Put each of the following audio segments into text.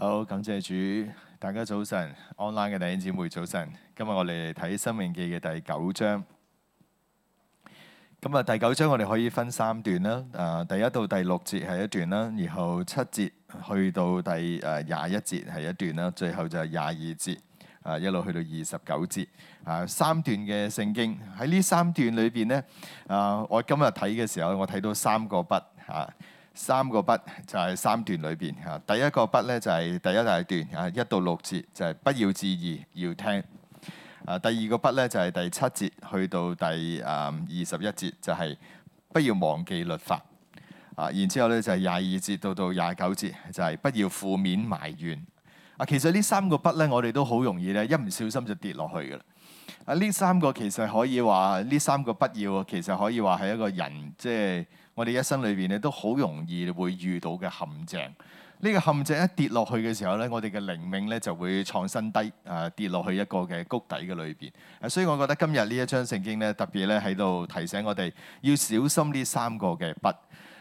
好，Hello, 感謝主，大家早晨，online 嘅弟兄姊妹早晨。今日我哋睇《申命記》嘅第九章。咁啊，第九章我哋可以分三段啦。啊，第一到第六節係一段啦，然後七節去到第誒廿一節係一段啦，最後就係廿二節啊，一路去到二十九節啊，三段嘅聖經。喺呢三段裏邊呢。啊，我今日睇嘅時候，我睇到三個不啊。三個筆就係三段裏邊嚇，第一個筆呢，就係第一大段嚇，一到六節就係、是、不要置疑，要聽啊。第二個筆呢，就係第七節去到第誒二十一節就係、是、不要忘記律法啊。然之後呢，就係廿二節到到廿九節就係不要負面埋怨啊。其實呢三個筆呢，我哋都好容易呢，一唔小心就跌落去㗎啦啊。呢三個其實可以話呢三個不要，其實可以話係一個人即係，就是我哋一生裏邊咧都好容易會遇到嘅陷阱，呢、這個陷阱一跌落去嘅時候呢，我哋嘅靈命呢就會創新低，啊跌落去一個嘅谷底嘅裏邊。所以我覺得今日呢一章聖經呢，特別呢喺度提醒我哋要小心呢三個嘅不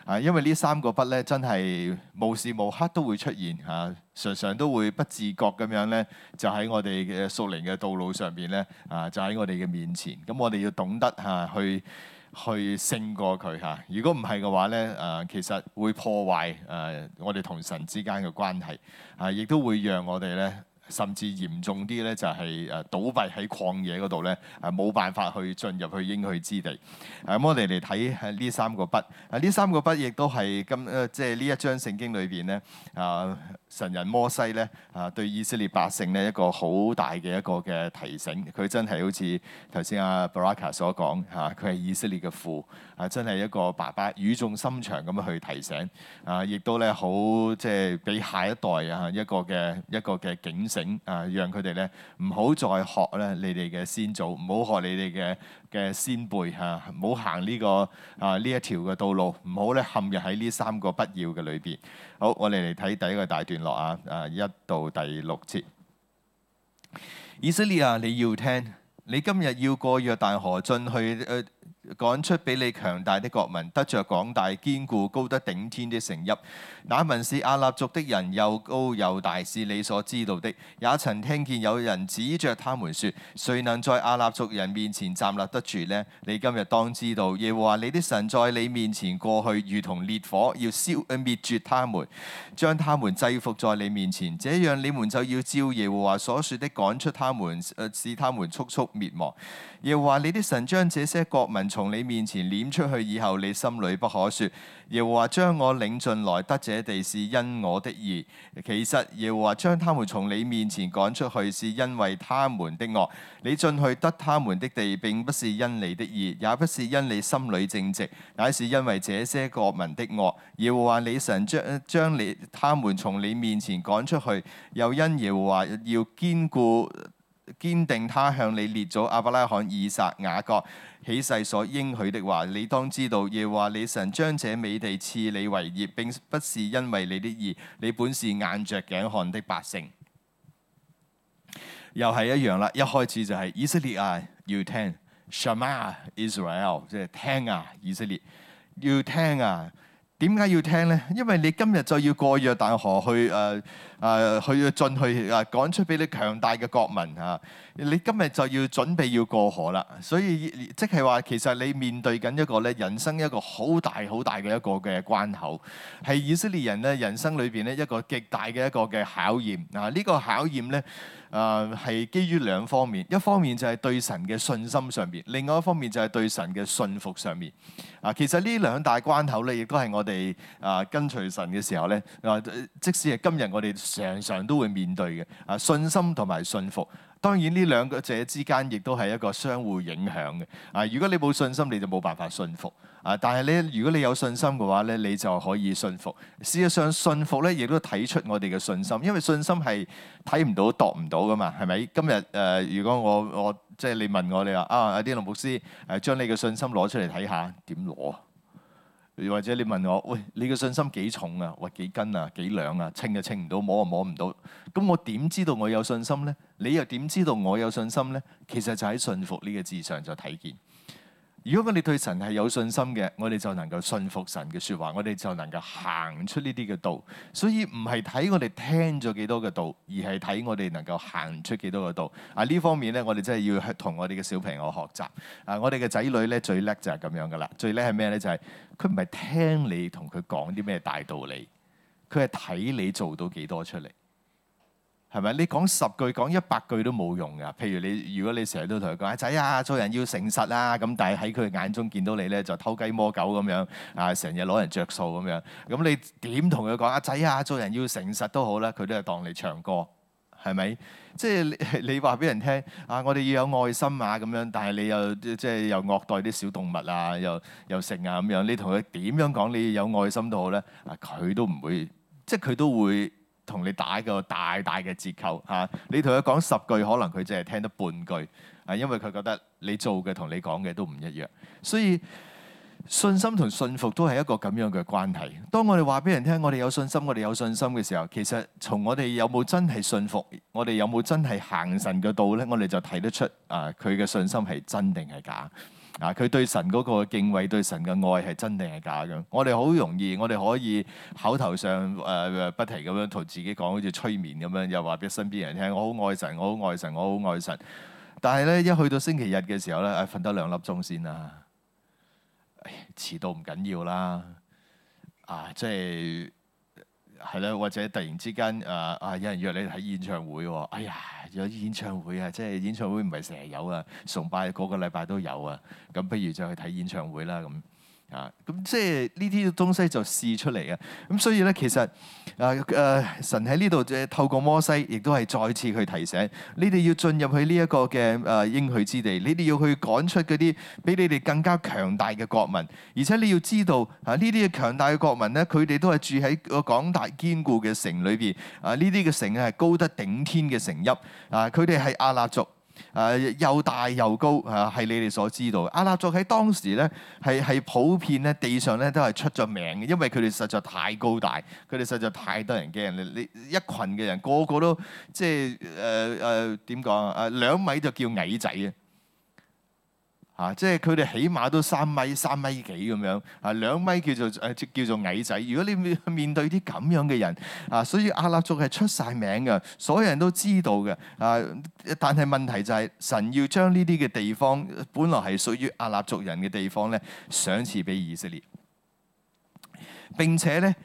啊，因為呢三個不呢真係無時無刻都會出現啊，常常都會不自覺咁樣呢，就喺我哋嘅屬靈嘅道路上邊呢，啊就喺我哋嘅面前。咁我哋要懂得嚇、啊、去。去勝過佢嚇，如果唔係嘅話咧，誒、呃、其實會破壞誒我哋同神之間嘅關係，啊，亦都會讓我哋咧，甚至嚴重啲咧就係誒倒閉喺曠野嗰度咧，誒、啊、冇辦法去進入去應許之地。咁、啊、我哋嚟睇吓呢三個筆，啊呢三個筆亦都係今誒即係呢一章聖經裏邊咧啊。神人摩西咧啊，對以色列百姓咧一個好大嘅一個嘅提醒，佢真係好似頭先阿、啊、Baraka 所講嚇，佢、啊、係以色列嘅父啊，真係一個爸爸語重心長咁樣去提醒啊，亦都咧好即係俾下一代啊一個嘅一個嘅警醒啊，讓佢哋咧唔好再學咧你哋嘅先祖，唔好學你哋嘅嘅先輩嚇，唔好行呢個啊呢一條嘅道路，唔好咧陷入喺呢三個不要嘅裏邊。好，我哋嚟睇第一個大段。落啊！啊一到第六節，以色列啊，你要聽，你今日要過約大河進去，呃趕出比你強大的國民，得着廣大堅固高得頂天的城邑。那民是亞衲族的人，又高又大，是你所知道的。也曾聽見有人指着他們說：誰能在亞衲族人面前站立得住呢？你今日當知道，耶和華你的神在你面前過去，如同烈火，要燒、呃、滅絕他們，將他們制服在你面前。這樣你們就要照耶和華所説的趕出他們、呃，使他們速速滅亡。耶和華你的神將這些國民，從你面前攆出去以後，你心裏不可說：「耶和華將我領進來，得這地是因我的義。」其實耶和華將他們從你面前趕出去，是因為他們的惡。你進去得他們的地，並不是因你的義，也不是因你心裏正直，乃是因為這些國民的惡。耶和華你神將將你他們從你面前趕出去，又因耶和華要堅固。堅定他向你列祖亞伯拉罕、以撒、雅各起誓所應許的話，你當知道耶和華：你神將這美地賜你為業，並不是因為你的義，你本是硬著頸項的百姓。又係一樣啦，一開始就係以色列啊，要聽 Shema Israel，即係聽啊，以色列要聽啊，點解要聽呢？因為你今日就要過約旦河去誒。呃啊，去要進去啊，趕出俾你強大嘅國民啊！你今日就要準備要過河啦，所以即係話其實你面對緊一個咧人生一個好大好大嘅一個嘅關口，係以色列人咧人生裏邊咧一個極大嘅一個嘅考驗啊！呢個考驗咧啊，係、這個啊、基於兩方面，一方面就係對神嘅信心上面，另外一方面就係對神嘅信服上面啊。其實呢兩大關口咧，亦都係我哋啊跟隨神嘅時候咧啊，即使係今日我哋。常常都會面對嘅啊，信心同埋信服，當然呢兩個者之間亦都係一個相互影響嘅啊。如果你冇信心，你就冇辦法信服啊。但係你如果你有信心嘅話咧，你就可以信服。事實上，信服咧亦都睇出我哋嘅信心，因為信心係睇唔到、度唔到㗎嘛，係咪？今日誒、呃，如果我我即係你問我，你話啊，阿啲龍牧師誒，將、啊、你嘅信心攞出嚟睇下點攞？或者你問我，喂，你嘅信心幾重啊？喂，幾斤啊？幾兩啊？稱就稱唔到，摸就摸唔到。咁我點知道我有信心咧？你又點知道我有信心咧？其實就喺信服呢個字上就睇見。如果我哋對神係有信心嘅，我哋就能夠信服神嘅説話，我哋就能夠行出呢啲嘅道。所以唔係睇我哋聽咗幾多個道，而係睇我哋能夠行出幾多個道。啊，呢方面咧，我哋真係要同我哋嘅小朋友學習。啊，我哋嘅仔女咧，最叻就係咁樣噶啦，最叻係咩咧？就係佢唔係聽你同佢講啲咩大道理，佢係睇你做到幾多出嚟。係咪？你講十句講一百句都冇用㗎。譬如你，如果你成日都同佢講阿仔啊，做人要誠實啊，咁但係喺佢眼中見到你咧，就偷雞摸狗咁樣啊，成日攞人着數咁樣。咁你點同佢講？阿仔啊，做人要誠實都好啦，佢都係當你唱歌，係咪？即係你話俾人聽啊，我哋要有愛心啊咁樣。但係你又即係又虐待啲小動物啊，又又食啊咁樣。你同佢點樣講？你有愛心都好咧，啊佢都唔會，即係佢都會，同你打一個大大嘅折扣嚇，啊，你同佢講十句，可能佢淨係聽得半句，啊，因為佢覺得你做嘅同你講嘅都唔一樣，所以信心同信服都係一個咁樣嘅關係。當我哋話俾人聽，我哋有信心，我哋有信心嘅時候，其實從我哋有冇真係信服，我哋有冇真係行神嘅道呢，我哋就睇得出啊，佢嘅信心係真定係假。啊！佢對神嗰個敬畏，對神嘅愛係真定係假嘅？我哋好容易，我哋可以口頭上誒、呃、不停咁樣同自己講，好似催眠咁樣，又話俾身邊人聽：我好愛神，我好愛神，我好愛神。但係咧，一去到星期日嘅時候咧，誒瞓多兩粒鐘先啦，遲到唔緊要啦。啊，即係係啦，或者突然之間誒、呃、啊，有人約你睇演唱會喎，哎呀！有演唱會啊，即係演唱會唔係成日有啊，崇拜個個禮拜都有啊，咁不如就去睇演唱會啦咁。啊，咁即係呢啲嘅東西就試出嚟嘅，咁所以咧其實，誒、呃、誒，神喺呢度即係透過摩西，亦都係再次去提醒你哋要進入去呢一個嘅誒應許之地，你哋要去趕出嗰啲比你哋更加強大嘅國民，而且你要知道啊，呢啲嘅強大嘅國民咧，佢哋都係住喺個廣大堅固嘅城裏邊，啊，呢啲嘅城係高得頂天嘅城邑，啊，佢哋係亞衲族。誒、呃、又大又高，係、呃、你哋所知道。阿納族喺當時咧，係係普遍咧地上咧都係出咗名嘅，因為佢哋實在太高大，佢哋實在太得人驚。你你一群嘅人個個都即係誒誒點講啊？兩米就叫矮仔嘅。啊！即係佢哋起碼都三米、三米幾咁樣啊，兩米叫做誒叫做矮仔。如果你面面對啲咁樣嘅人啊，所以亞納族係出晒名嘅，所有人都知道嘅啊。但係問題就係神要將呢啲嘅地方，本來係屬於亞納族人嘅地方咧，賞賜畀以色列。並且咧。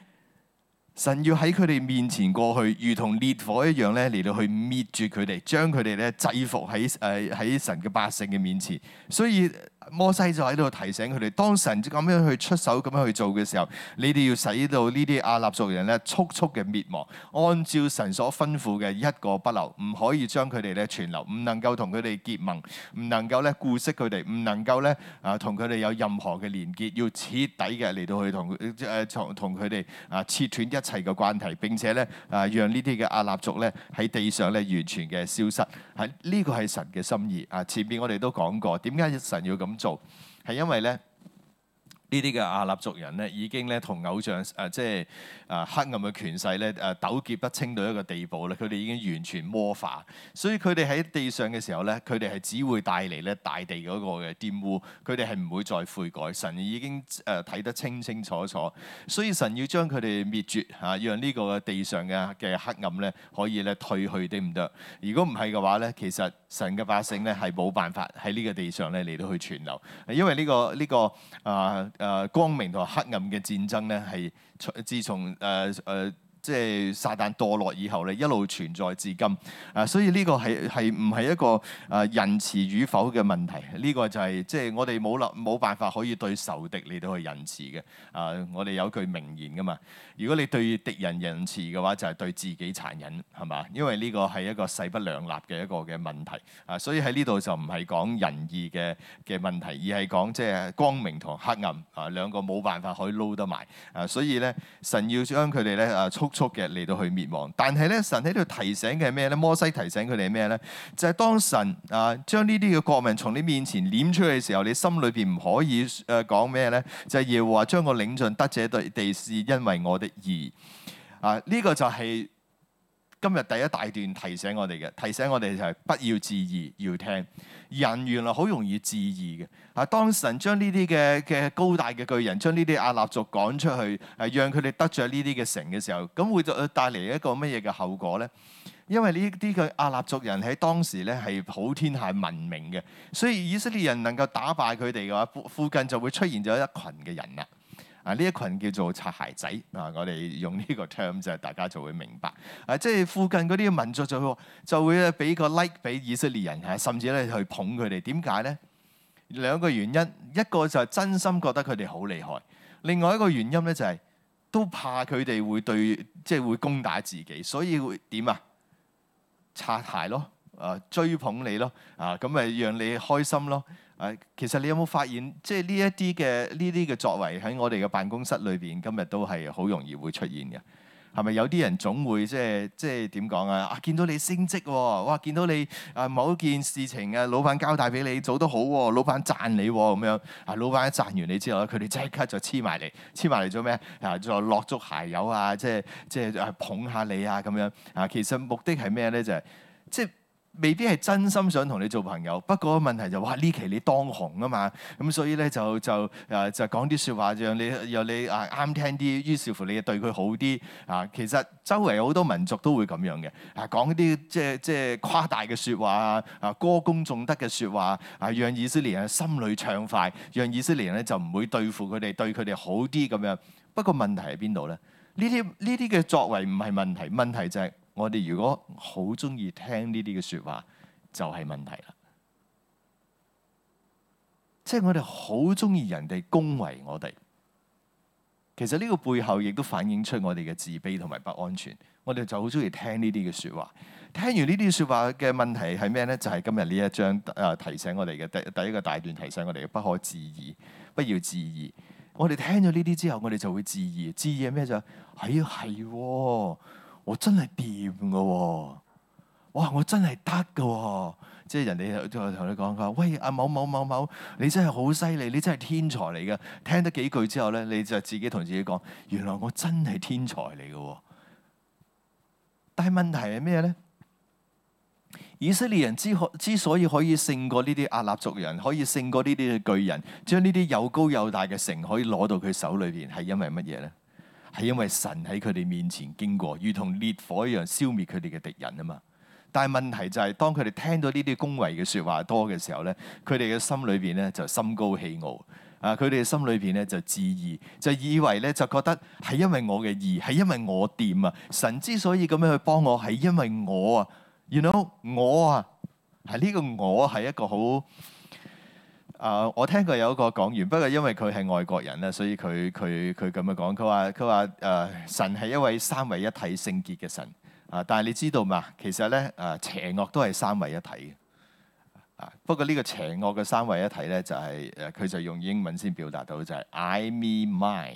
神要喺佢哋面前過去，如同烈火一樣咧，嚟到去滅絕佢哋，將佢哋咧制服喺誒喺神嘅百姓嘅面前，所以。摩西就喺度提醒佢哋，當神咁樣去出手、咁樣去做嘅時候，你哋要使到呢啲亞衲族人咧，速速嘅滅亡，按照神所吩咐嘅一個不留，唔可以將佢哋咧存留，唔能夠同佢哋結盟，唔能夠咧顧惜佢哋，唔能夠咧啊同佢哋有任何嘅連結，要徹底嘅嚟到去同誒同佢哋啊切斷一切嘅關係，並且咧啊讓呢啲嘅亞衲族咧喺地上咧完全嘅消失，係呢個係神嘅心意啊！前邊我哋都講過，點解神要咁？做係因為咧。 呢啲嘅亞衲族人咧，已經咧同偶像誒，即係誒黑暗嘅權勢咧誒，糾結不清到一個地步啦。佢哋已經完全魔化，所以佢哋喺地上嘅時候咧，佢哋係只會帶嚟咧大地嗰個嘅玷污，佢哋係唔會再悔改。神已經誒睇得清清楚楚，所以神要將佢哋滅絕嚇，讓呢個地上嘅嘅黑暗咧可以咧退去啲唔得？如果唔係嘅話咧，其實神嘅百姓咧係冇辦法喺呢個地上咧嚟到去存留，因為呢、呢個呢、呢個啊。呃誒、呃，光明同黑暗嘅戰爭咧，係係自從誒誒。呃即係撒旦墮落以後咧，一路存在至今。啊，所以呢個係係唔係一個啊仁慈與否嘅問題？呢個就係即係我哋冇冇辦法可以對仇敵嚟到去仁慈嘅。啊，我哋有句名言噶嘛，如果你對敵人仁慈嘅話就係對自己殘忍，係嘛？因為呢個係一個勢不兩立嘅一個嘅問題啊，所以喺呢度就唔係講仁義嘅嘅問題，而係講即係光明同黑暗啊兩個冇辦法可以撈得埋。啊，所以咧神要將佢哋咧啊促。速嘅嚟到去滅亡，但係咧，神喺度提醒嘅係咩咧？摩西提醒佢哋係咩咧？就係、是、當神啊將呢啲嘅國民從你面前攆出去嘅時候，你心裏邊唔可以誒、呃、講咩咧？就係、是、耶和華將我領進得這地地是因為我的義啊！呢、這個就係、是。今日第一大段提醒我哋嘅，提醒我哋就係不要置疑，要聽。人原來好容易置疑嘅。啊，當神將呢啲嘅嘅高大嘅巨人，將呢啲阿納族趕出去，係讓佢哋得着呢啲嘅城嘅時候，咁會帶嚟一個乜嘢嘅後果咧？因為呢啲嘅阿納族人喺當時咧係普天下聞名嘅，所以以色列人能夠打敗佢哋嘅話，附附近就會出現咗一群嘅人啊。啊！呢一群叫做擦鞋仔啊，我哋用呢個 term 就大家就會明白啊！即係附近嗰啲民族就會就會俾個 like 俾以色列人啊，甚至咧去捧佢哋。點解咧？兩個原因，一個就係真心覺得佢哋好厲害；另外一個原因咧就係都怕佢哋會對即係會攻打自己，所以會點啊？擦鞋咯，啊追捧你咯，啊咁咪讓你開心咯。誒，其實你有冇發現，即係呢一啲嘅呢啲嘅作為喺我哋嘅辦公室裏邊，今日都係好容易會出現嘅。係咪有啲人總會即係即係點講啊？啊，見到你升職喎、哦，哇！見到你啊某一件事情啊，老闆交代俾你做得好喎、哦，老闆讚你咁、哦、樣啊。老闆一讚完你之後咧，佢哋即刻就黐埋嚟，黐埋嚟做咩啊？再落足鞋油啊，即係即係捧下你啊咁樣啊。其實目的係咩咧？就係、是、即係。未必係真心想同你做朋友，不過問題就話、是、呢期你當紅啊嘛，咁所以咧就就誒就講啲説話，讓你讓你啱、啊、聽啲，於是乎你對佢好啲啊。其實周圍好多民族都會咁樣嘅，講、啊、啲即係即係誇大嘅説話啊，歌功頌德嘅説話啊，讓以色列人心裏暢快，讓以色列人咧就唔會對付佢哋，對佢哋好啲咁樣。不過問題係邊度咧？呢啲呢啲嘅作為唔係問題，問題就係。我哋如果好中意聽呢啲嘅說話，就係、是、問題啦。即、就、係、是、我哋好中意人哋恭維我哋，其實呢個背後亦都反映出我哋嘅自卑同埋不安全。我哋就好中意聽呢啲嘅說話，聽完呢啲說話嘅問題係咩呢？就係、是、今日呢一章啊提醒我哋嘅第第一個大段提醒我哋嘅不可置疑，不要置疑。我哋聽咗呢啲之後，我哋就會置疑，置疑咩就係係。我真係掂噶，哇！我真係得噶，即係人哋同你講佢話：喂，阿某某某某，你真係好犀利，你真係天才嚟噶！聽得幾句之後咧，你就自己同自己講：原來我真係天才嚟噶喎。但係問題係咩咧？以色列人之之所以可以勝過呢啲阿納族人，可以勝過呢啲巨人，將呢啲又高又大嘅城可以攞到佢手裏邊，係因為乜嘢咧？係因為神喺佢哋面前經過，如同烈火一樣，消滅佢哋嘅敵人啊嘛。但係問題就係、是，當佢哋聽到呢啲恭維嘅説話多嘅時候咧，佢哋嘅心裏邊咧就心高氣傲啊。佢哋嘅心裏邊咧就自疑，就以為咧就覺得係因為我嘅義，係因為我掂啊。神之所以咁樣去幫我，係因為我啊。You know 我啊，係、這、呢個我係一個好。啊！Uh, 我聽過有一個講員，不過因為佢係外國人咧，所以佢佢佢咁樣講，佢話佢話誒神係一位三位一體聖潔嘅神啊！但係你知道嘛？其實咧誒、呃、邪惡都係三位一體嘅啊！不過呢個邪惡嘅三位一體咧，就係誒佢就用英文先表達到，就係 I, me, my。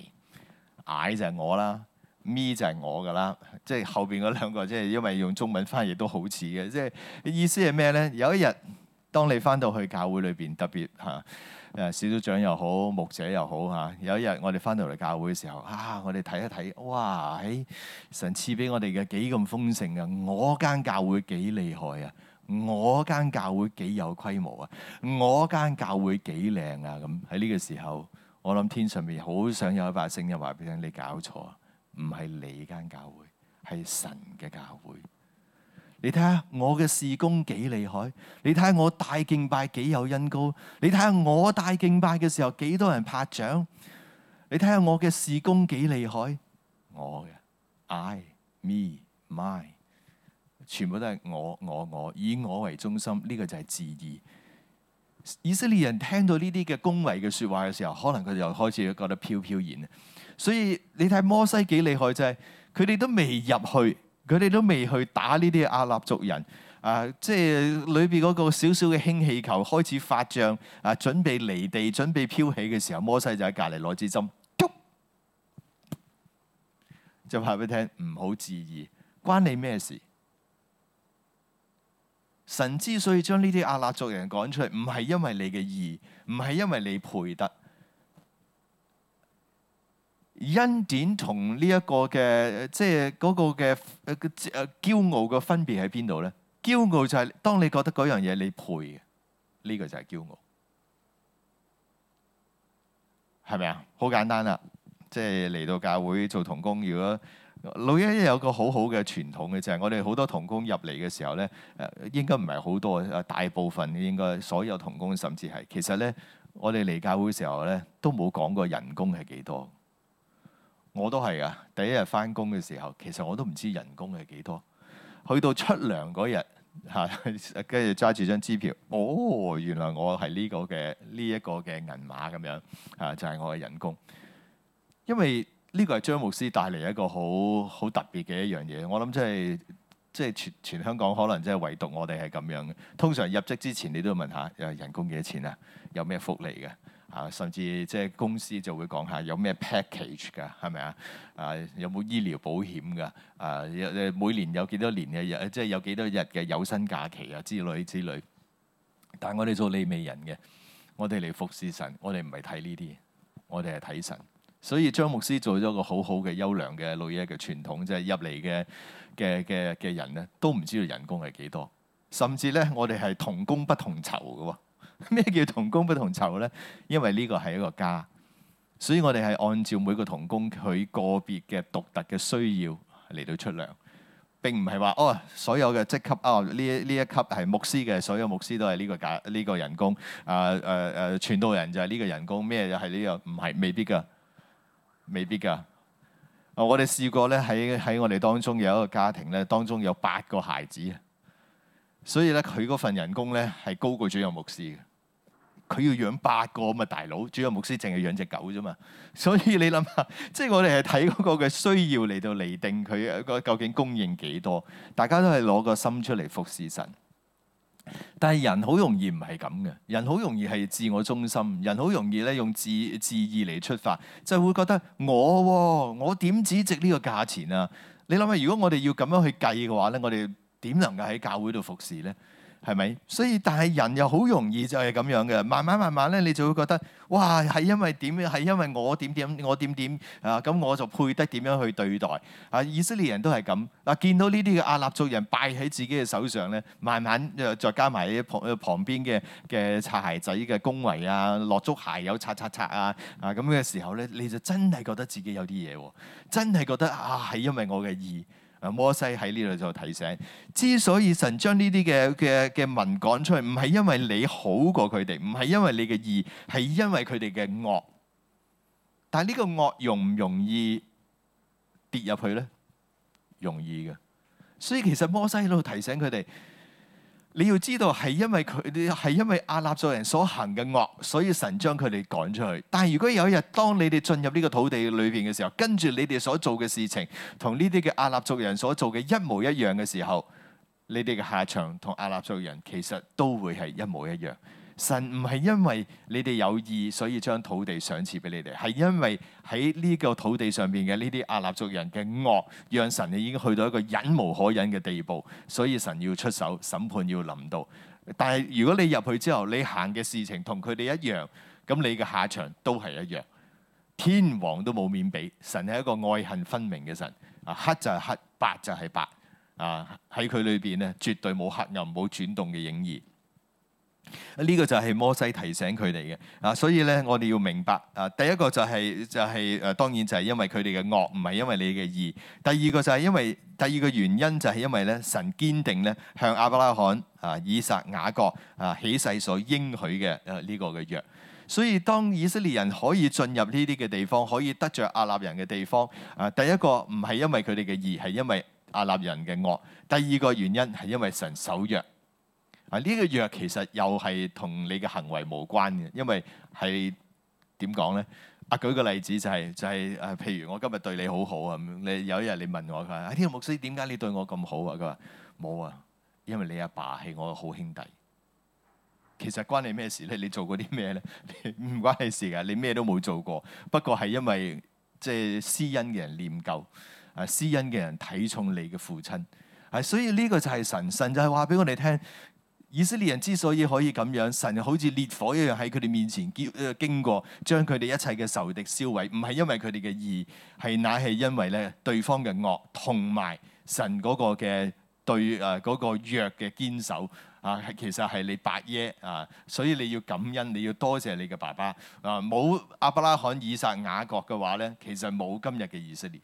I 就係我啦，me 就係我噶啦，即係後邊嗰兩個，即係因為用中文翻譯都好似嘅，即係意思係咩咧？有一日。當你返到去教會裏邊，特別嚇誒，小、啊、組長又好，牧者又好嚇、啊。有一日我哋返到嚟教會嘅時候，啊！我哋睇一睇，哇！係、哎、神賜俾我哋嘅幾咁豐盛啊！我間教會幾厲害啊！我間教會幾有規模啊！我間教會幾靚啊！咁喺呢個時候，我諗天上面好想有一把聲音話俾你聽：你搞錯，唔係你間教會，係神嘅教會。你睇下我嘅事工幾厲害？你睇下我大敬拜幾有恩膏？你睇下我大敬拜嘅時候幾多人拍掌？你睇下我嘅事工幾厲害？我嘅 I、Me、My，全部都係我我我，以我為中心，呢個就係自義。以色列人聽到呢啲嘅恭維嘅説話嘅時候，可能佢就開始覺得飄飄然。所以你睇摩西幾厲害，就係佢哋都未入去。佢哋都未去打呢啲阿納族人，啊、呃，即係裏邊嗰個小小嘅氫氣球開始發脹，啊，準備離地，準備飄起嘅時候，摩西就喺隔籬攞支針，喐，就話俾你聽，唔好置疑，關你咩事？神之所以將呢啲阿納族人趕出嚟，唔係因為你嘅義，唔係因為你配得。恩典同呢一個嘅，即係嗰個嘅誒嘅誒，驕傲嘅分別喺邊度咧？驕傲就係當你覺得嗰樣嘢你配嘅，呢個就係驕傲，係咪啊？好簡單啦，即係嚟到教會做童工。如果老一有個好好嘅傳統嘅就係，我哋好多童工入嚟嘅時候咧，誒應該唔係好多，大部分應該所有童工甚至係其實咧，我哋嚟教會嘅時候咧都冇講過人工係幾多。我都係啊！第一日返工嘅時候，其實我都唔知人工係幾多。去到出糧嗰日吓，跟住揸住張支票，哦，原來我係呢個嘅呢一個嘅銀碼咁樣吓、啊，就係、是、我嘅人工。因為呢個係張牧師帶嚟一個好好特別嘅一樣嘢，我諗即係即係全全香港可能即係唯獨我哋係咁樣嘅。通常入職之前，你都要問下人工幾錢啊，有咩福利嘅？啊，甚至即係公司就會講下有咩 package 㗎，係咪啊？啊，有冇醫療保險㗎？啊，每年有幾多年嘅日，即係有幾多日嘅有薪假期啊之類之類。但係我哋做利未人嘅，我哋嚟服侍神，我哋唔係睇呢啲，我哋係睇神。所以張牧師做咗個好好嘅優良嘅老嘢嘅傳統，即係入嚟嘅嘅嘅嘅人咧，都唔知道人工係幾多，甚至咧我哋係同工不同酬嘅喎。咩叫同工不同酬呢？因為呢個係一個家，所以我哋係按照每個同工佢個別嘅獨特嘅需要嚟到出糧，並唔係話哦所有嘅職級啊，呢呢一級係牧師嘅，所有牧師都係呢個價呢個人工啊誒，誒傳道人就係呢個人工咩，就係呢個，唔係未必㗎，未必㗎、哦。我哋試過呢，喺喺我哋當中有一個家庭呢，當中有八個孩子。所以咧，佢嗰份人工咧係高過主任牧師嘅。佢要養八個咁嘅大佬，主任牧師淨係養隻狗啫嘛。所以你諗下，即係我哋係睇嗰個嘅需要嚟到嚟定佢一個究竟供應幾多。大家都係攞個心出嚟服侍神。但係人好容易唔係咁嘅，人好容易係自我中心，人好容易咧用自自意嚟出發，就係、會覺得我、哦、我點止值呢個價錢啊？你諗下，如果我哋要咁樣去計嘅話咧，我哋點能夠喺教會度服侍咧？係咪？所以，但係人又好容易就係咁樣嘅。慢慢慢慢咧，你就會覺得，哇！係因為點？係因為我點點，我點點啊！咁我就配得點樣去對待啊？以色列人都係咁啊！見到呢啲嘅亞納族人拜喺自己嘅手上咧、啊，慢慢再加埋啲旁旁邊嘅嘅擦鞋仔嘅恭維啊，落足鞋油擦擦擦啊啊！咁嘅時候咧，你就真係覺得自己有啲嘢喎，真係覺得啊，係因為我嘅意。摩西喺呢度就提醒，之所以神將呢啲嘅嘅嘅文講出去，唔係因為你好過佢哋，唔係因為你嘅義，係因為佢哋嘅惡。但係呢個惡容唔容易跌入去咧？容易嘅。所以其實摩西喺度提醒佢哋。你要知道係因為佢哋係因為亞納族人所行嘅惡，所以神將佢哋趕出去。但係如果有一日，當你哋進入呢個土地裏邊嘅時候，跟住你哋所做嘅事情同呢啲嘅亞納族人所做嘅一模一樣嘅時候，你哋嘅下場同亞納族人其實都會係一模一樣。神唔係因為你哋有意，所以將土地上賜俾你哋，係因為喺呢個土地上邊嘅呢啲阿納族人嘅惡，讓神你已經去到一個忍無可忍嘅地步，所以神要出手，審判要臨到。但係如果你入去之後，你行嘅事情同佢哋一樣，咁你嘅下場都係一樣，天王都冇面俾。神係一個愛恨分明嘅神，啊黑就係黑，白就係白，啊喺佢裏邊咧，絕對冇黑暗冇轉動嘅影兒。呢個就係摩西提醒佢哋嘅啊。所以咧我哋要明白啊，第一個就係、是、就係、是、誒，當然就係因為佢哋嘅惡，唔係因為你嘅義。第二個就係因為第二個原因就係因為咧神堅定咧向亞伯拉罕啊、以撒、雅各啊起誓所應許嘅誒呢個嘅約。所以當以色列人可以進入呢啲嘅地方，可以得着阿納人嘅地方啊，第一個唔係因為佢哋嘅義，係因為阿納人嘅惡。第二個原因係因為神守約。啊！呢個約其實又係同你嘅行為無關嘅，因為係點講咧？啊，舉個例子就係、是、就係、是、誒，譬如我今日對你好好啊！你有一日你問我佢話：啊，天、哎、父牧師點解你對我咁好啊？佢話：冇啊，因為你阿爸係我嘅好兄弟。其實關你咩事咧？你做過啲咩咧？唔 關你事㗎，你咩都冇做過。不過係因為即係、就是、施恩嘅人念舊，啊，施恩嘅人睇重你嘅父親。啊，所以呢個就係神，神就係話俾我哋聽。以色列人之所以可以咁樣，神好似烈火一樣喺佢哋面前結誒、呃、經過，將佢哋一切嘅仇敵燒毀，唔係因為佢哋嘅義，係乃係因為咧對方嘅惡，同埋神嗰個嘅對誒嗰、呃那個弱嘅堅守啊，其實係你伯爺啊，所以你要感恩，你要多謝你嘅爸爸啊，冇亞伯拉罕、以撒、雅各嘅話咧，其實冇今日嘅以色列。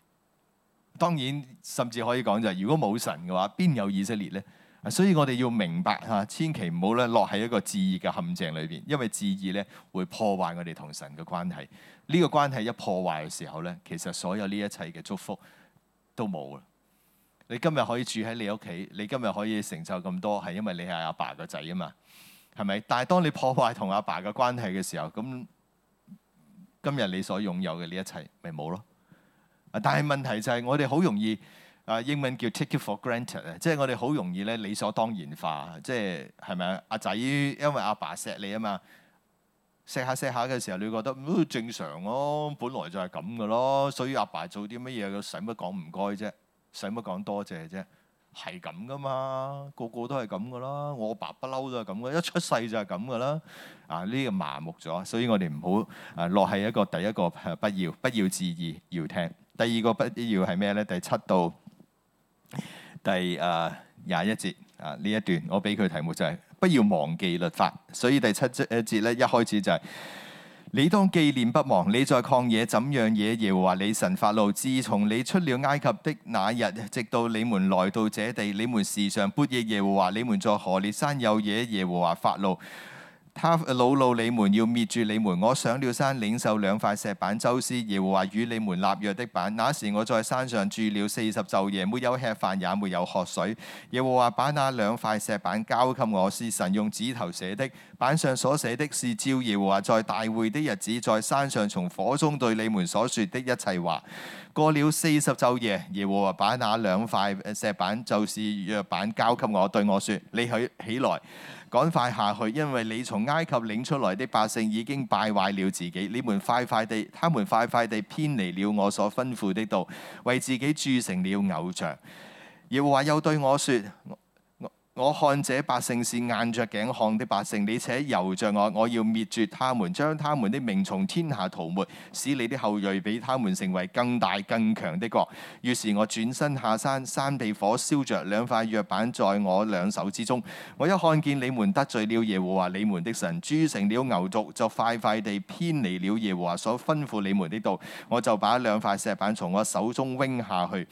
當然，甚至可以講就係，如果冇神嘅話，邊有以色列咧？所以我哋要明白啊，千祈唔好咧落喺一個自義嘅陷阱裏邊，因為自義咧會破壞我哋同神嘅關係。呢個關係一破壞嘅時候咧，其實所有呢一切嘅祝福都冇啊！你今日可以住喺你屋企，你今日可以承受咁多，係因為你係阿爸嘅仔啊嘛，係咪？但係當你破壞同阿爸嘅關係嘅時候，咁今日你所擁有嘅呢一切咪冇咯？但係問題就係我哋好容易。啊，英文叫 take it for granted 啊，即係我哋好容易咧理所當然化，即係係咪啊？阿仔因為阿爸錫你啊嘛，錫下錫下嘅時候，你覺得都正常咯，本來就係咁嘅咯，所以阿爸做啲乜嘢，使乜講唔該啫？使乜講多謝啫？係咁噶嘛，個個都係咁嘅啦。我阿爸不嬲都係咁嘅，一出世就係咁嘅啦。啊，呢個麻木咗，所以我哋唔好啊落喺一個第一個不要不要置疑，要聽第二個不要係咩咧？第七度。第誒廿一節啊呢一段，我俾佢題目就係、是、不要忘記律法。所以第七節一節咧，一開始就係、是、你當紀念不忘，你在曠野怎樣惹耶和華你神發怒，自從你出了埃及的那日，直到你們來到這地，你們時常悖逆耶和華，你們在何烈山又惹，耶和華發怒。他惱怒你們，要滅住你們。我上了山領受兩塊石板就是，就是耶和華與你們立約的板。那時我在山上住了四十晝夜，沒有吃飯也沒有喝水。耶和華把那兩塊石板交給我，是神用指頭寫的，板上所寫的是照耶和華在大會的日子在山上從火中對你們所說的一切話。過了四十晝夜，耶和華把那兩塊石板，就是約板交給我，對我說：你起起來。趕快下去，因為你從埃及領出來的百姓已經敗壞了自己。你們快快地，他們快快地偏離了我所吩咐的道，為自己鑄成了偶像。耶和華又對我說。我看這百姓是硬着頸項的百姓，你且由着我，我要滅絕他們，將他們的名從天下塗抹，使你的後裔比他們成為更大更強的國。於是，我轉身下山，山被火燒着，兩塊約版，在我兩手之中。我一看見你們得罪了耶和華你們的神，鑄成了牛犢，就快快地偏離了耶和華所吩咐你們的道。我就把兩塊石板從我手中扔下去。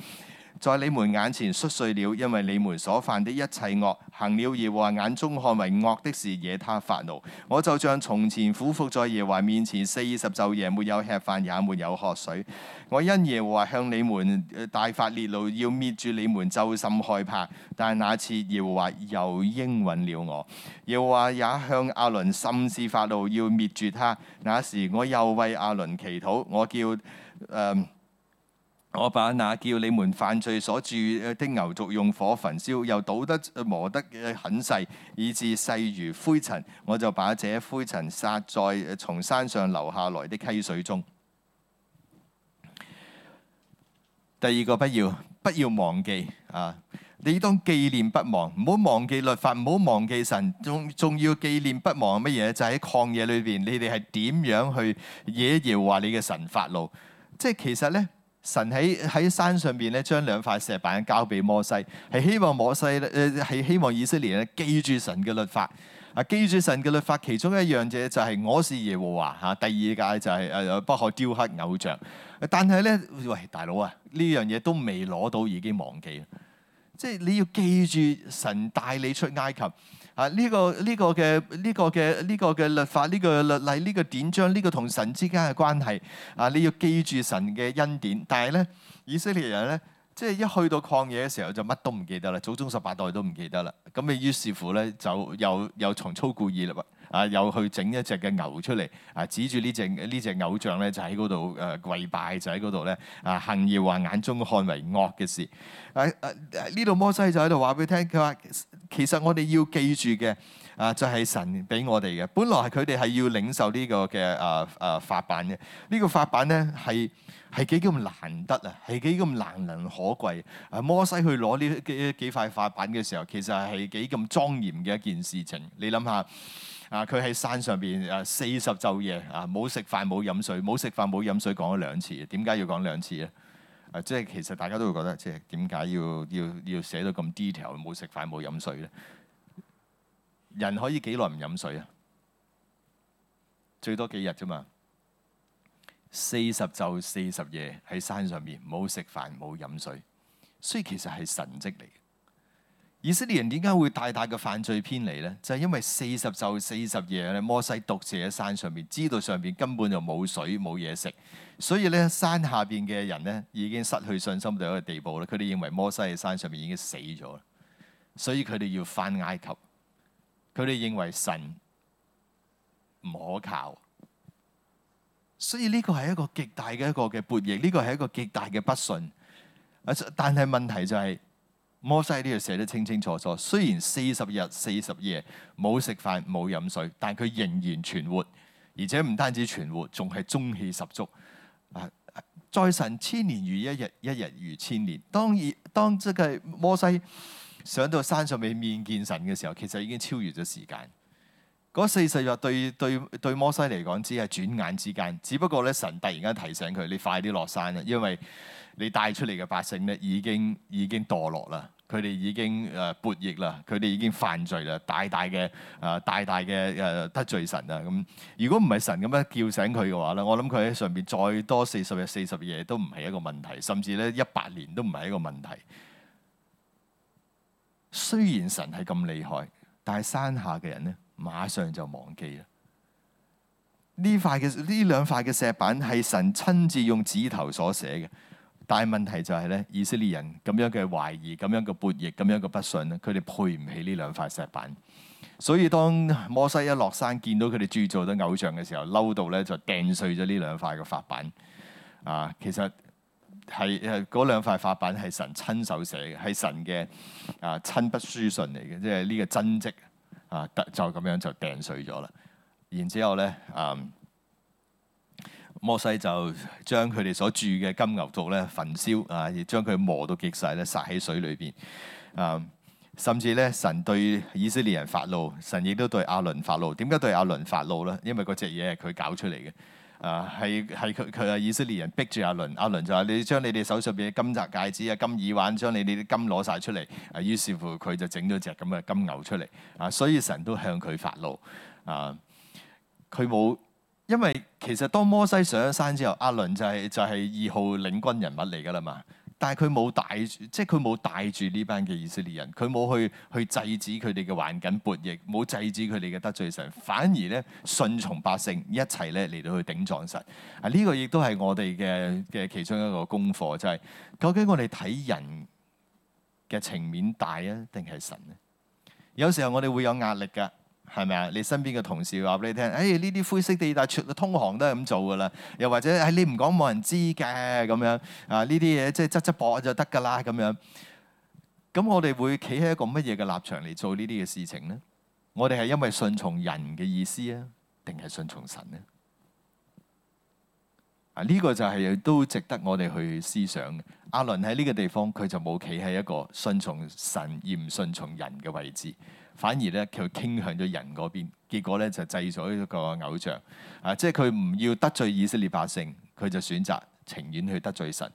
在你們眼前摔碎了，因為你們所犯的一切惡，行了耶和華眼中看為惡的事，惹他發怒。我就像從前俯伏在耶和華面前四十晝夜，沒有吃飯，也沒有喝水。我因耶和華向你們大發烈怒，要滅住你們，就甚害怕。但那次耶和華又應允了我，耶和華也向亞倫甚是發怒，要滅住他。那時我又為亞倫祈禱，我叫、呃我把那叫你們犯罪所住的牛族用火焚燒，又倒得磨得很細，以致細如灰塵。我就把這灰塵撒在從山上流下來的溪水中。第二個不要不要忘記，啊！你當紀念不忘，唔好忘記律法，唔好忘記神。仲仲要紀念不忘乜嘢？就喺、是、曠野裏邊，你哋係點樣去惹耶和華你嘅神發怒，即係其實咧。神喺喺山上邊咧，將兩塊石板交俾摩西，係希望摩西誒、係、呃、希望以色列咧記住神嘅律法。啊，記住神嘅律法，其中一樣嘢就係我是耶和華嚇、啊。第二誡就係誒，不可雕刻偶像。啊、但係咧，喂大佬啊，呢樣嘢都未攞到，已經忘記。即係你要記住神帶你出埃及。啊！呢個呢個嘅呢個嘅呢個嘅律法，呢個律例，呢個典章，呢個同神之間嘅關係，啊！你要記住神嘅恩典。但係咧，以色列人咧，即係一去到曠野嘅時候就乜都唔記得啦，祖宗十八代都唔記得啦。咁咪於是乎咧，就又又重操故意啦，啊，又去整一隻嘅牛出嚟，啊，指住呢隻呢隻偶像咧，就喺嗰度誒跪拜，就喺嗰度咧，啊，幸而話眼中看為惡嘅事。誒誒呢度摩西就喺度話俾佢聽，佢話。其實我哋要記住嘅啊，就係神俾我哋嘅。本來係佢哋係要領受呢個嘅啊啊法版嘅。呢個法版咧係係幾咁難得啊，係幾咁難能可貴。摩西去攞呢幾幾塊法版嘅時候，其實係幾咁莊嚴嘅一件事情。你諗下啊，佢喺山上邊啊四十晝夜啊，冇食飯冇飲水，冇食飯冇飲水，講咗兩次。點解要講兩次啊？啊，即係其實大家都會覺得，即係點解要要要寫到咁 detail，冇食飯冇飲水咧？人可以幾耐唔飲水啊？最多幾日啫嘛。四十晝四十夜喺山上面，冇食飯冇飲水，所以其實係神跡嚟嘅。以色列人點解會大大嘅犯罪偏離呢？就係、是、因為四十就四十夜咧，摩西獨自喺山上邊，知道上邊根本就冇水冇嘢食，所以咧山下邊嘅人咧已經失去信心到一個地步咧。佢哋認為摩西喺山上邊已經死咗，所以佢哋要返埃及。佢哋認為神唔可靠，所以呢個係一個極大嘅一個嘅悖逆，呢個係一個極大嘅不信。但係問題就係、是。摩西呢度寫得清清楚楚，雖然四十日四十夜冇食飯冇飲水，但佢仍然存活，而且唔單止存活，仲係中氣十足。啊！在神千年如一日，一日如千年。當然，當即係摩西上到山上面面見神嘅時候，其實已經超越咗時間。嗰四十日對對，對，對摩西嚟講，只係轉眼之間。只不過咧，神突然間提醒佢：你快啲落山啦，因為你帶出嚟嘅百姓咧，已經已經墮落啦。佢哋已經誒悖逆啦，佢哋已經犯罪啦，大大嘅誒，大大嘅誒得罪神啊！咁如果唔係神咁樣叫醒佢嘅話咧，我諗佢喺上邊再多四十日、四十夜都唔係一個問題，甚至咧一百年都唔係一個問題。雖然神係咁厲害，但係山下嘅人咧馬上就忘記啦。呢塊嘅呢兩塊嘅石板係神親自用指頭所寫嘅。大問題就係咧，以色列人咁樣嘅懷疑、咁樣嘅叛逆、咁樣嘅不信咧，佢哋配唔起呢兩塊石板。所以當摩西一落山，見到佢哋鑄造咗偶像嘅時候，嬲到咧就掟碎咗呢兩塊嘅法板。啊，其實係誒嗰兩塊法板係神親手寫嘅，係神嘅啊親筆書信嚟嘅，即係呢個真跡啊，就咁樣就掟碎咗啦。然之後咧啊。摩西就將佢哋所鑄嘅金牛犢咧焚燒啊，而將佢磨到極細咧撒喺水裏邊啊，甚至咧神對以色列人發怒，神亦都對亞倫發怒。點解對亞倫發怒咧？因為嗰隻嘢係佢搞出嚟嘅啊，係係佢佢啊以色列人逼住亞倫，亞倫就話你將你哋手上嘅金戒，戒指啊、金耳環，將你哋啲金攞晒出嚟啊。於是乎佢就整咗隻咁嘅金牛出嚟啊，所以神都向佢發怒啊。佢冇。因為其實當摩西上咗山之後，阿倫就係、是、就係、是、二號領軍人物嚟噶啦嘛，但係佢冇帶，即係佢冇帶住呢班嘅以色列人，佢冇去去制止佢哋嘅頑梗悖逆，冇制止佢哋嘅得罪神，反而咧順從百姓一，一齊咧嚟到去頂撞神。啊，呢、這個亦都係我哋嘅嘅其中一個功課，就係、是、究竟我哋睇人嘅情面大啊，定係神咧？有時候我哋會有壓力噶。係咪啊？你身邊嘅同事話俾你聽，誒呢啲灰色地帶全通行都係咁做噶啦，又或者係、哎、你唔講冇人知嘅咁樣啊？呢啲嘢即係側側膊就得㗎啦，咁樣。咁我哋會企喺一個乜嘢嘅立場嚟做呢啲嘅事情咧？我哋係因為順從人嘅意思啊，定係順從神咧？啊！呢、這個就係都值得我哋去思想。阿倫喺呢個地方，佢就冇企喺一個順從神而唔順從人嘅位置，反而咧佢傾向咗人嗰邊，結果咧就製咗一個偶像。啊！即係佢唔要得罪以色列百姓，佢就選擇情願去得罪神。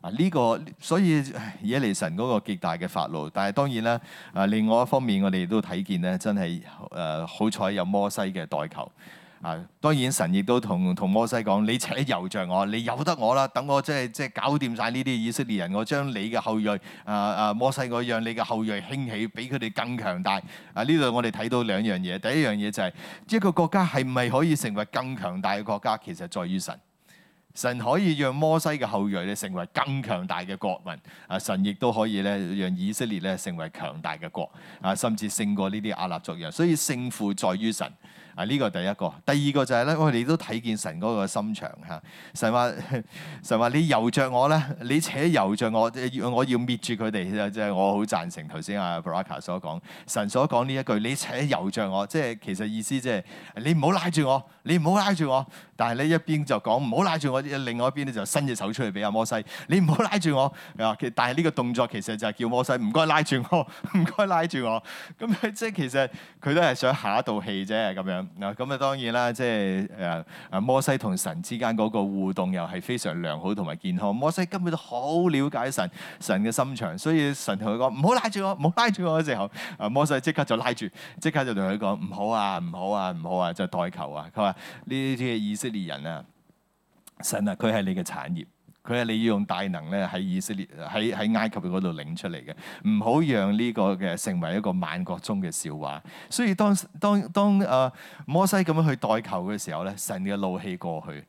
啊！呢、這個所以、啊、耶利神嗰個極大嘅忿怒。但係當然啦，啊，另外一方面我哋都睇見咧，真係誒、啊、好彩有摩西嘅代求。啊！當然神亦都同同摩西講：你且由着我，你由得我啦。等我即係即係搞掂晒呢啲以色列人，我將你嘅後裔啊啊摩西，我讓你嘅後裔興起，比佢哋更強大。啊！呢度我哋睇到兩樣嘢。第一樣嘢就係一個國家係唔係可以成為更強大嘅國家，其實在於神。神可以讓摩西嘅後裔咧成為更強大嘅國民。啊！神亦都可以咧讓以色列咧成為強大嘅國。啊！甚至勝過呢啲亞納族人。所以勝負在於神。啊！呢個第一個，第二個就係咧，我哋都睇見神嗰個心腸嚇。神話神話，你遊着我咧，你且遊着我，我要我要滅絕佢哋即係我好贊成。頭先阿布拉卡所講，神所講呢一句，你且遊着我，即係其實意思即係你唔好拉住我，你唔好拉住我。但係你一邊就講唔好拉住我，另外一邊咧就伸隻手出嚟俾阿摩西，你唔好拉住我。但係呢個動作其實就係叫摩西唔該拉住我，唔該拉住我。咁即係其實佢都係想下一道戲啫咁樣。嗱，咁啊當然啦，即係誒阿摩西同神之間嗰個互動又係非常良好同埋健康。摩西根本都好了解神神嘅心腸，所以神同佢講唔好拉住我，唔好拉住我嘅時候，阿摩西即刻就拉住，即刻就同佢講唔好啊，唔好啊，唔好啊，就代求啊，佢話呢啲嘅以色列人啊，神啊佢係你嘅產業。佢係你要用大能咧，喺以色列、喺喺埃及嗰度領出嚟嘅，唔好讓呢個嘅成為一個萬國中嘅笑話。所以當當當啊、呃、摩西咁樣去代求嘅時候咧，神嘅怒氣過去。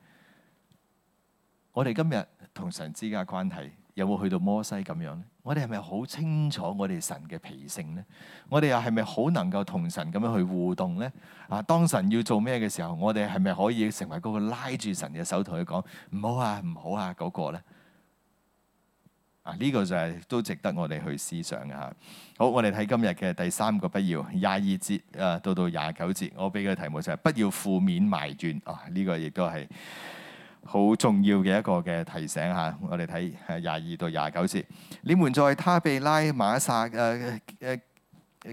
我哋今日同神之間嘅關係。有冇去到摩西咁樣咧？我哋係咪好清楚我哋神嘅脾性咧？我哋又係咪好能夠同神咁樣去互動呢？啊，當神要做咩嘅時候，我哋係咪可以成為嗰個拉住神嘅手，同佢講唔好啊，唔好啊嗰個呢，啊，呢個就係都值得我哋去思想嘅，啊。好，我哋睇今日嘅第三個，不要廿二節啊，到到廿九節，我俾嘅題目就係不要負面埋怨啊。呢個亦都係。好重要嘅一個嘅提醒嚇，我哋睇係廿二到廿九節。你們在他備拉、瑪撒誒誒。呃呃呃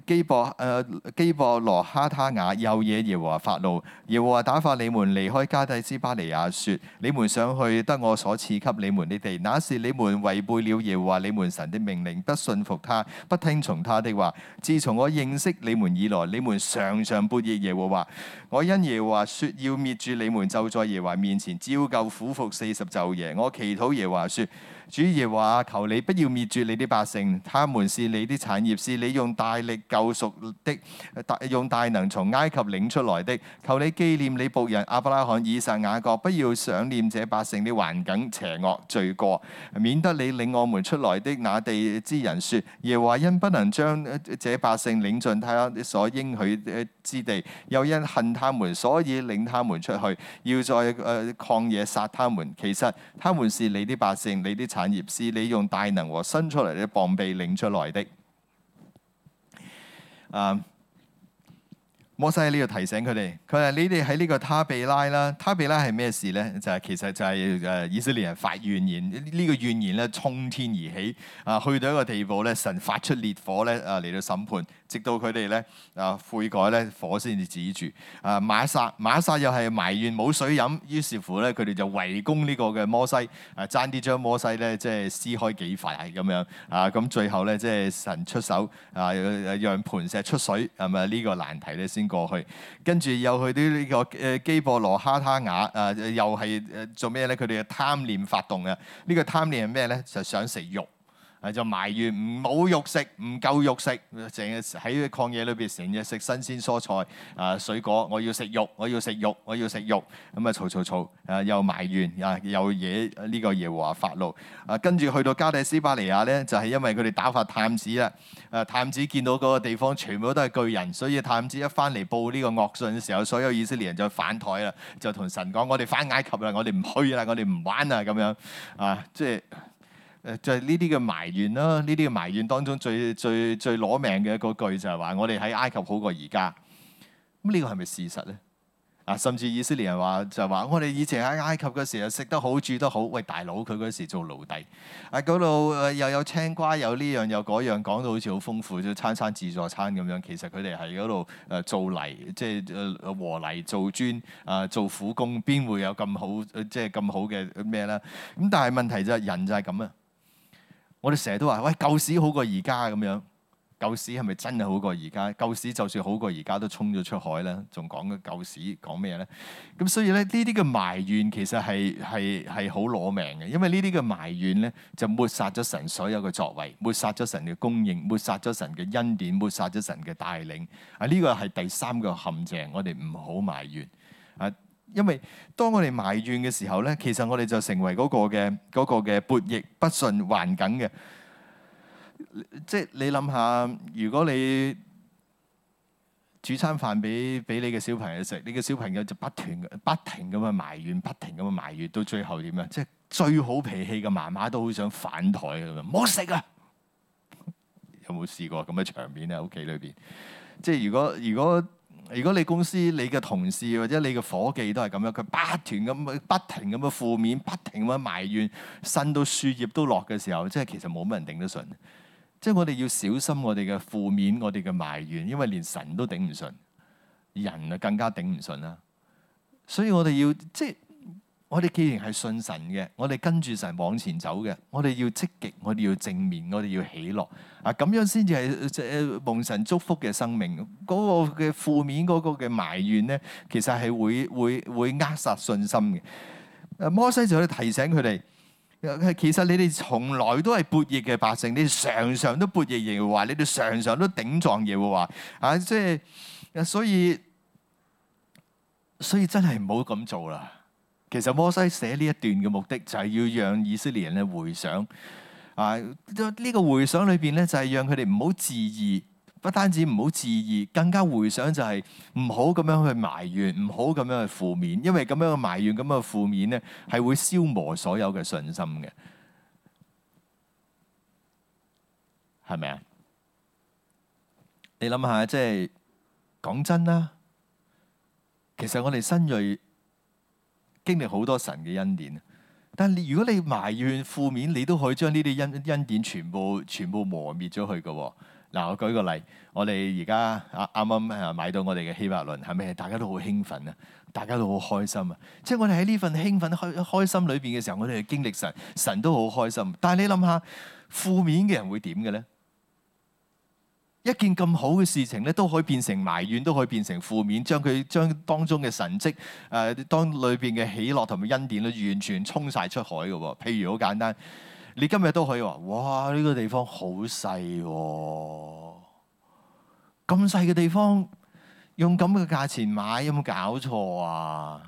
基博誒、呃、基博羅哈他瓦，又惹耶和華發怒，耶和華打發你們離開加底斯巴尼亞，説：你們上去得我所賜給你們的地，你哋，那時你們違背了耶和華你們神的命令，不信服他，不聽從他的話。自從我認識你們以來，你們常常悖逆耶和華。我因耶和華説要滅絕你們，就在耶和華面前照舊苦服四十晝夜。我祈禱耶和華説。主耶話：求你不要滅絕你啲百姓，他們是你啲產業，是你用大力救贖的，用大能從埃及領出來的。求你記念你僕人亞伯拉罕、以撒、雅各，不要想念這百姓的環境邪惡罪過，免得你領我們出來的那地之人説：耶話因不能將這百姓領進他所應許之地，又因恨他們，所以領他們出去，要在曠野殺他們。其實他們是你啲百姓，你啲。產業師，你用大能和伸出嚟嘅膀臂領出來的。啊，摩西喺呢度提醒佢哋，佢話你哋喺呢個他貝拉啦，他貝拉係咩事咧？就係、是、其實就係誒以色列人發怨言，呢、這個怨言咧沖天而起啊，去到一個地步咧，神發出烈火咧啊嚟到審判。直到佢哋咧啊悔改咧，火先至止住啊。瑪撒，瑪撒又係埋怨冇水飲，於是乎咧佢哋就圍攻呢個嘅摩西，爭啲將摩西咧即係撕開幾塊咁樣啊！咁最後咧即係神出手啊，讓磐石出水，係咪呢個難題咧先過去？跟住又去啲呢個誒基博羅哈他瓦啊，又係做咩咧？佢哋嘅貪念發動啊！呢個貪念係咩咧？就係想食肉。就埋怨唔好肉食，唔夠肉食，成日喺啲曠野裏邊成日食新鮮蔬菜啊水果。我要食肉，我要食肉，我要食肉。咁啊嘈嘈嘈啊又埋怨啊又惹呢個耶和華發怒啊。跟住去到加底斯巴尼亞咧，就係因為佢哋打發探子啦。誒、啊、探子見到嗰個地方全部都係巨人，所以探子一翻嚟報呢個惡訊嘅時候，所有以色列人就反台啦，就同神講：我哋翻埃及啦，我哋唔去啦，我哋唔玩啦。咁樣啊即係。誒就係呢啲嘅埋怨啦，呢啲嘅埋怨當中最最最攞命嘅一句就係話：我哋喺埃及好過而家。咁呢個係咪事實咧？啊，甚至以色列人話就話：我哋以前喺埃及嘅時候食得好住得好，喂，大佬，佢嗰時做奴隸，啊嗰度又有青瓜有呢樣有嗰樣，講到好似好豐富，即餐餐自助餐咁樣。其實佢哋係嗰度誒做泥，即係和泥做磚啊做苦工，邊會有咁好即係咁好嘅咩咧？咁但係問題就係人就係咁啊！我哋成日都話喂，舊史好過而家咁樣，舊史係咪真係好過而家？舊史就算好過而家都沖咗出海啦，仲講舊史講咩咧？咁所以咧，呢啲嘅埋怨其實係係係好攞命嘅，因為呢啲嘅埋怨咧，就抹殺咗神所有嘅作為，抹殺咗神嘅供應，抹殺咗神嘅恩典，抹殺咗神嘅帶領。啊呢個係第三個陷阱，我哋唔好埋怨。啊因為當我哋埋怨嘅時候咧，其實我哋就成為嗰個嘅嗰、嗰個嘅悖逆不順環境嘅。即係你諗下，如果你煮餐飯俾俾你嘅小朋友食，你嘅小朋友就不斷不停咁去埋怨，不停咁去埋怨，到最後點樣？即係最好脾氣嘅媽媽都好想反台咁啊！冇食啊！ 有冇試過咁嘅場面啊？喺屋企裏邊，即係如果如果。如果如果你公司你嘅同事或者你嘅伙計都係咁樣，佢不斷咁、不停咁嘅負面、不停咁埋怨，呻到樹葉都落嘅時候，即係其實冇乜人頂得順，即係我哋要小心我哋嘅負面、我哋嘅埋怨，因為連神都頂唔順，人啊更加頂唔順啦。所以我哋要即係。我哋既然係信神嘅，我哋跟住神往前走嘅，我哋要積極，我哋要正面，我哋要喜樂啊！咁樣先至係蒙神祝福嘅生命。嗰個嘅負面，嗰個嘅埋怨咧，其實係會會會，會扼殺信心嘅。誒，摩西就喺度提醒佢哋：，其實你哋從來都係悖逆嘅百姓，你哋常常都悖逆耶和華，你哋常常都頂撞耶和華啊！即係，所以，所以真係唔好咁做啦。其實摩西寫呢一段嘅目的，就係要讓以色列人咧回想啊，呢個回想裏邊咧，就係讓佢哋唔好自疑，不單止唔好自疑，更加回想就係唔好咁樣去埋怨，唔好咁樣去負面，因為咁樣嘅埋怨、咁樣嘅負面咧，係會消磨所有嘅信心嘅，係咪啊？你諗下，即係講真啦，其實我哋新銳。經歷好多神嘅恩典，但係你如果你埋怨負面，你都可以將呢啲恩恩典全部全部磨滅咗佢嘅，哦。嗱，我舉個例，我哋而家啱啱啊剛剛買到我哋嘅希伯倫，係咪大家都好興奮啊，大家都好開心啊。即係我哋喺呢份興奮開開心裏邊嘅時候，我哋係經歷神，神都好開心。但係你諗下，負面嘅人會點嘅咧？一件咁好嘅事情咧，都可以變成埋怨，都可以變成負面，將佢將當中嘅神蹟，誒、呃、當裏邊嘅喜樂同埋恩典咧，完全沖晒出海嘅。譬如好簡單，你今日都可以話：「哇！呢個地方好細啊，咁細嘅地方用咁嘅價錢買，有冇搞錯啊？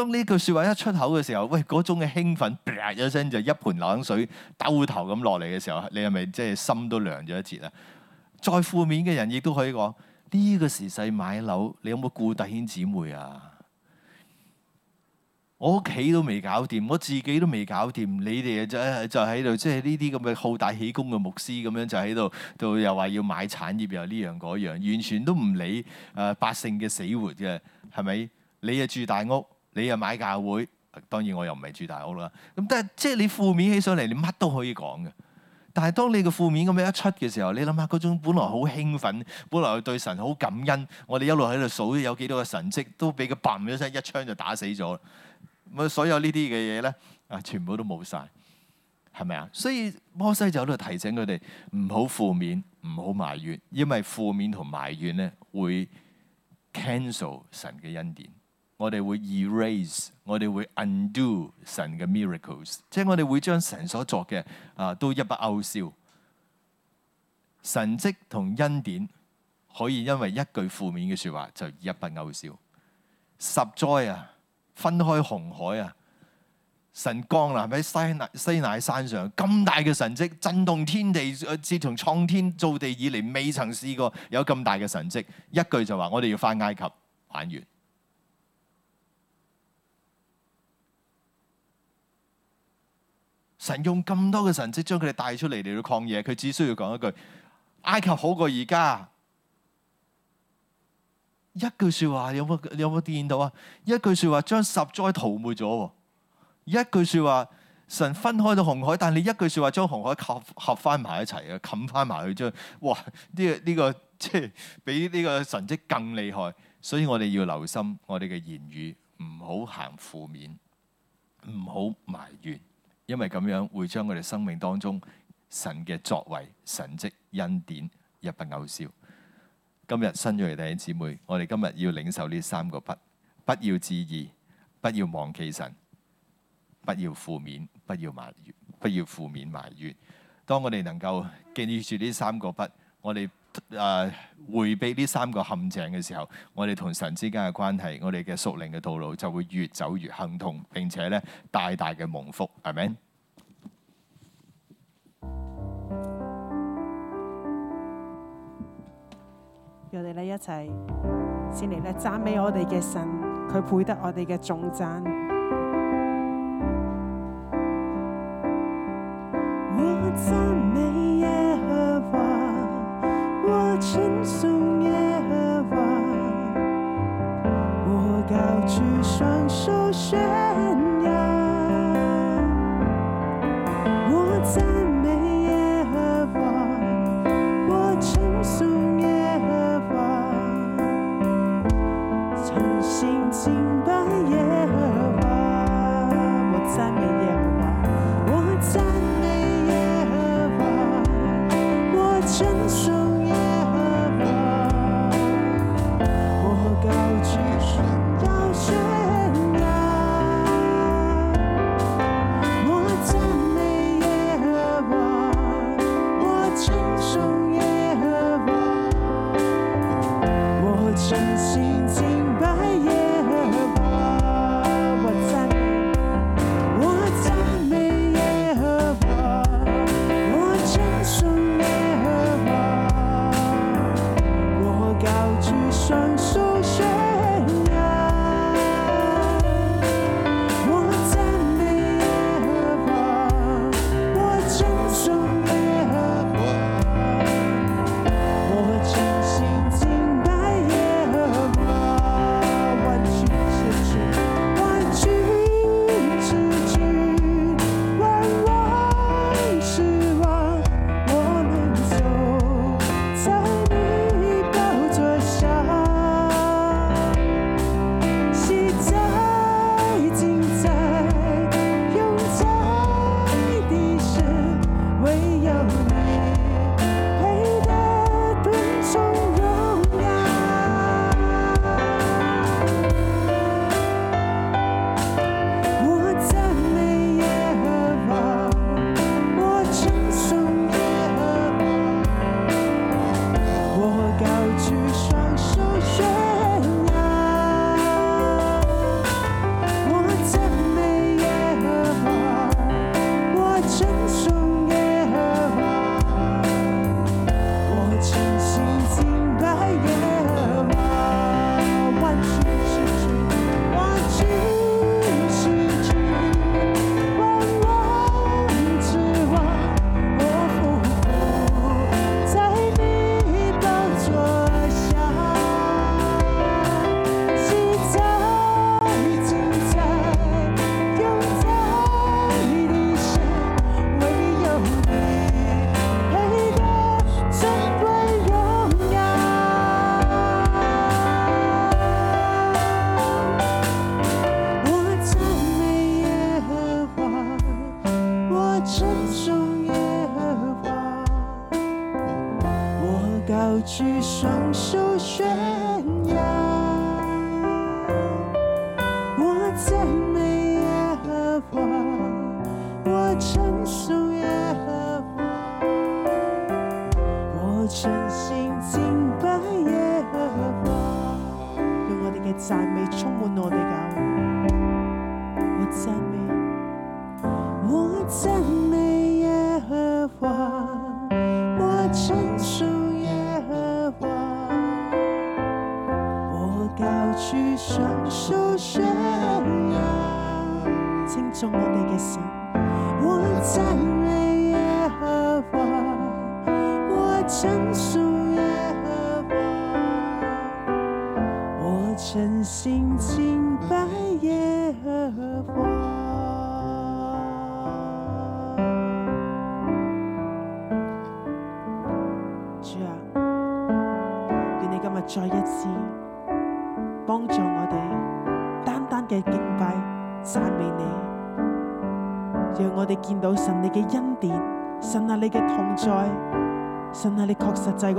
當呢句説話一出口嘅時候，喂，嗰種嘅興奮，啪一聲就一盆冷水兜頭咁落嚟嘅時候，你係咪真係心都涼咗一截啊？再負面嘅人亦都可以講呢、這個時勢買樓，你有冇顧弟兄姊妹啊？我屋企都未搞掂，我自己都未搞掂，你哋就就喺度即係呢啲咁嘅好大喜功嘅牧師咁樣就喺度，度又話要買產業又呢樣嗰樣，完全都唔理誒、呃、百姓嘅死活嘅係咪？你啊住大屋。你又買教會，當然我又唔係住大屋啦。咁但係即係你負面起上嚟，你乜都可以講嘅。但係當你個負面咁樣一出嘅時候，你諗下嗰種本來好興奮，本來對神好感恩，我哋一路喺度數有幾多個神蹟，都俾佢嘭一聲一槍就打死咗。咁所有呢啲嘅嘢咧啊，全部都冇晒，係咪啊？所以摩西就喺度提醒佢哋唔好負面，唔好埋怨，因為負面同埋怨咧會 cancel 神嘅恩典。我哋會 erase，我哋會 undo 神嘅 miracles，即係我哋會將神所作嘅啊都一筆勾銷。神跡同恩典可以因為一句負面嘅説話就一筆勾銷。十災啊，分開紅海啊，神光啦，喺西乃西乃山上咁大嘅神跡，震動天地，自從創天造地以嚟未曾試過有咁大嘅神跡，一句就話我哋要返埃及，玩完。神用咁多嘅神跡將佢哋帶出嚟，嚟到曠野。佢只需要講一句：埃及好過而家。一句說話，你有冇有冇見到啊？一句說話將十災塗抹咗。一句說話神分開到紅海，但你一句說話將紅海合合翻埋一齊嘅，冚翻埋去將哇呢？呢、這個、這個、即係比呢個神跡更厲害，所以我哋要留心我哋嘅言語，唔好行負面，唔好埋怨。因為咁樣會將我哋生命當中神嘅作為、神蹟、恩典一筆勾銷。今日新約弟兄姊妹，我哋今日要領受呢三個不，不要置疑，不要忘記神，不要負面，不要埋怨，不要負面埋怨。當我哋能夠記住呢三個不，我哋。誒迴避呢三個陷阱嘅時候，我哋同神之間嘅關係，我哋嘅屬靈嘅道路就會越走越亨通，並且咧大大嘅蒙福，係咪？我哋咧一齊先嚟咧讚美我哋嘅神，佢配得我哋嘅重讚。我稱頌夜晚，我高舉雙手宣。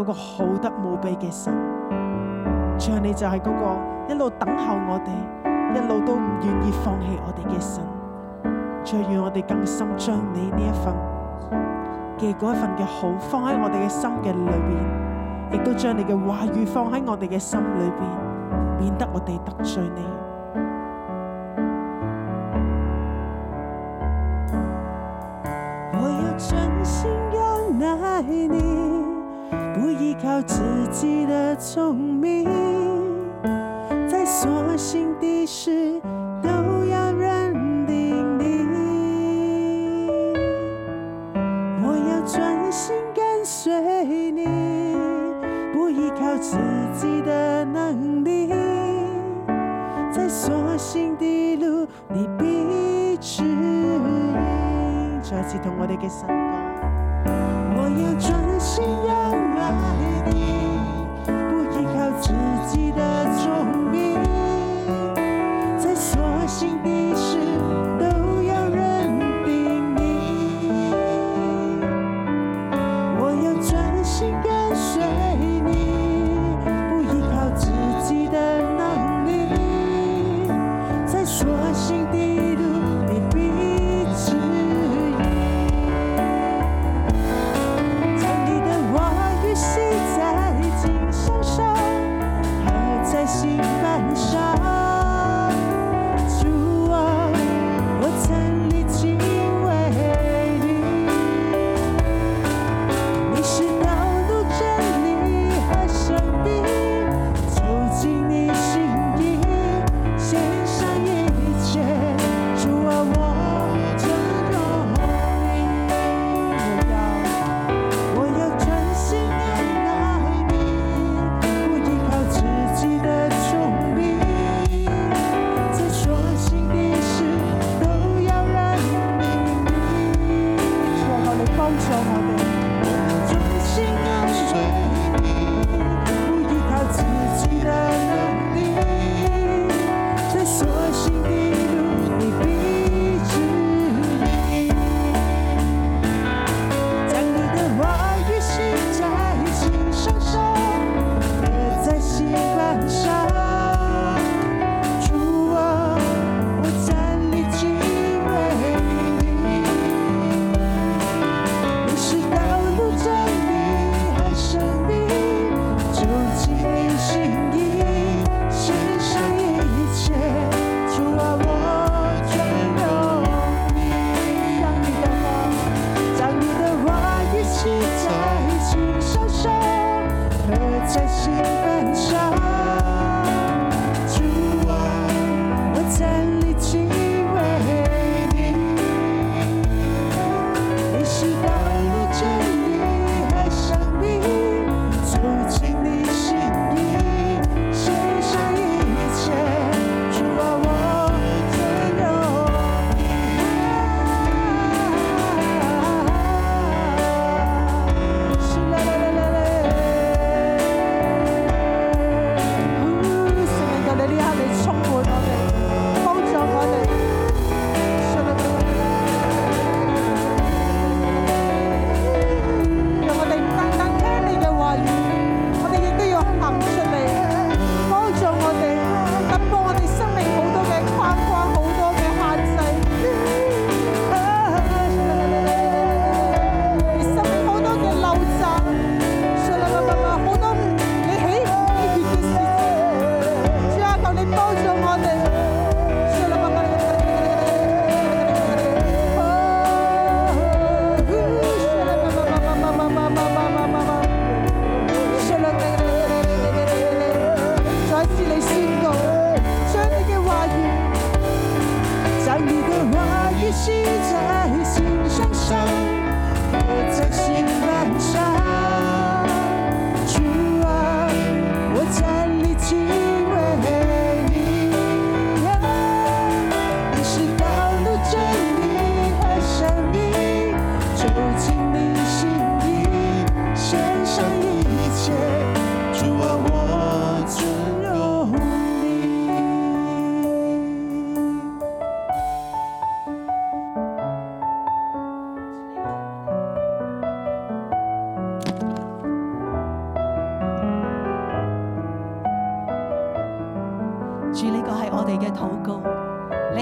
個好得無比嘅神，像你就係個一路等候我哋，一路都唔願意放棄我哋嘅神。最願我哋更深將你呢一份嘅一份嘅好放喺我哋嘅心嘅裏邊，亦都將你嘅話語放喺我哋嘅心裏邊，免得我哋得罪你。自己的聰明，在所行的事都要認定你，我要專心跟隨你，不依靠自己的能力，在所行的路你必知。再次同我哋嘅神講，我要專心仰望你。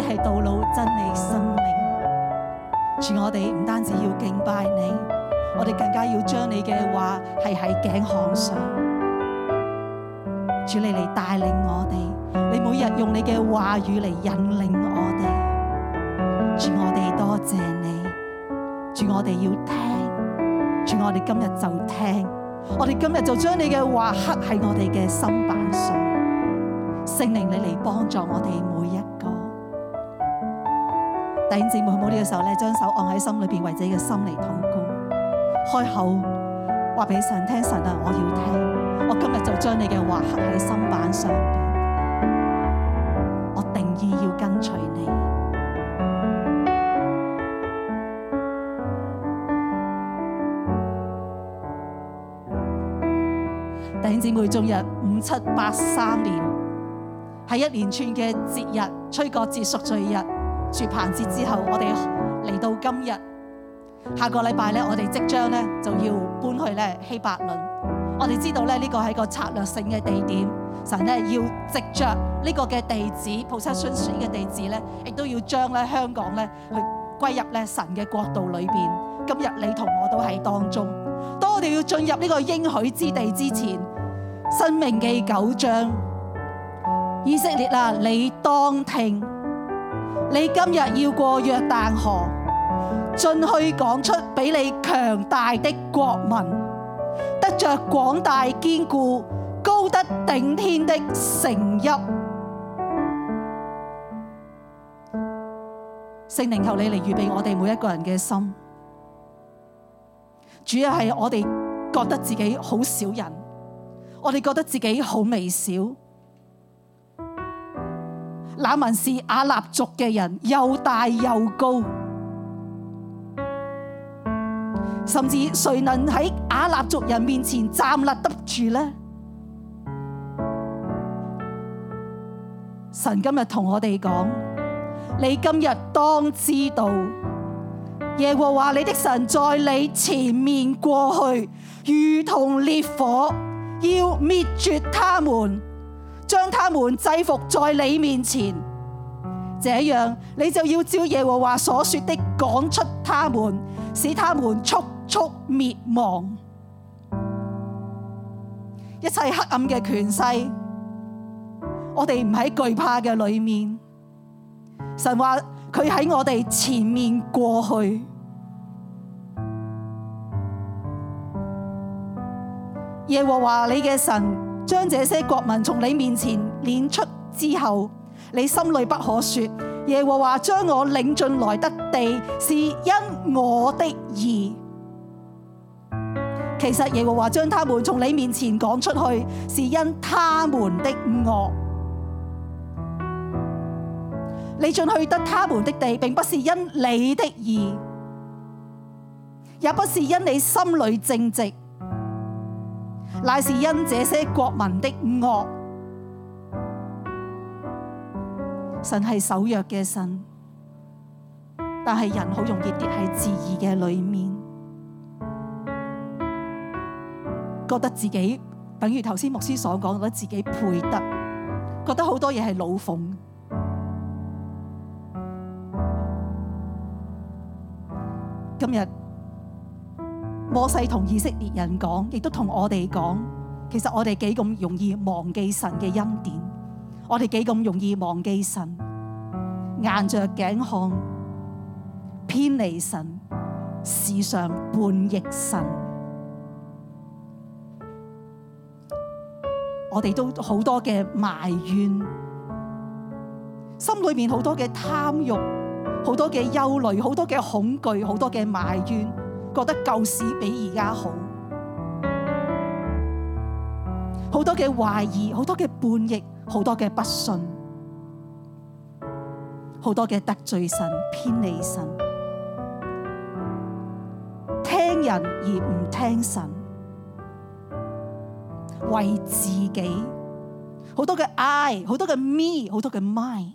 係道路、真理、生命。主，我哋唔單止要敬拜你，我哋更加要將你嘅話繫喺頸項上。主，你嚟帶領我哋，你每日用你嘅話語嚟引領我哋。主，我哋多謝你，主，我哋要聽，主，我哋今日就聽，我哋今日就將你嘅話刻喺我哋嘅心板上。聖靈，你嚟幫助我哋每一。弟兄姊妹，妹，冇、這、呢個時候咧，將手按喺心裏邊，為自己嘅心嚟禱告，開口話俾神聽：神啊，我要聽，我今日就將你嘅話刻喺心板上邊，我定意要跟隨你。弟兄姊妹終，今日五七八三年係一連串嘅節日，吹角節、贖罪日。住棚節之後，我哋嚟到今日，下個禮拜咧，我哋即將咧就要搬去咧希伯倫。我哋知道咧呢個係個策略性嘅地點，神咧要藉著呢個嘅地址，菩薩選選嘅地址咧，亦都要將咧香港咧去歸入咧神嘅國度裏邊。今日你同我都喺當中，當我哋要進入呢個應許之地之前，《申命記》九章，以色列啊，你當聽。你今日要過約旦河，進去講出比你強大的國民，得着廣大堅固、高得頂天的城邑。聖靈求你嚟預備我哋每一個人嘅心。主要係我哋覺得自己好少人，我哋覺得自己好微小。那民是亞納族嘅人，又大又高，甚至誰能喺亞納族人面前站立得住呢？神今日同我哋講：你今日當知道，耶和華你的神在你前面過去，如同烈火，要滅絕他們。將他們制服在你面前，這樣你就要照耶和華所說的講出他們，使他們速速滅亡。一切黑暗嘅權勢，我哋唔喺懼怕嘅裏面。神話佢喺我哋前面過去。耶和華你嘅神。將這些國民從你面前攆出之後，你心裏不可說：耶和華將我領進來得地是因我的義。其實耶和華將他們從你面前趕出去是因他們的惡。你進去得他們的地，並不是因你的義，也不是因你心裏正直。乃是因這些國民的惡，神係守約嘅神，但係人好容易跌喺自義嘅裏面，覺得自己等於頭先牧師所講，覺得自己配得，覺得好多嘢係老奉。今日，摩西同以色列人講，亦都同我哋講，其實我哋幾咁容易忘記神嘅恩典，我哋幾咁容易忘記神，硬着頸看，偏離神，時常叛逆神，我哋都好多嘅埋怨，心裏面好多嘅貪慾，好多嘅憂慮，好多嘅恐懼，好多嘅埋怨。覺得舊時比而家好，好多嘅懷疑，好多嘅叛逆，好多嘅不信，好多嘅得罪神、偏離神，聽人而唔聽神，為自己，好多嘅 I，好多嘅 Me，好多嘅 Mine。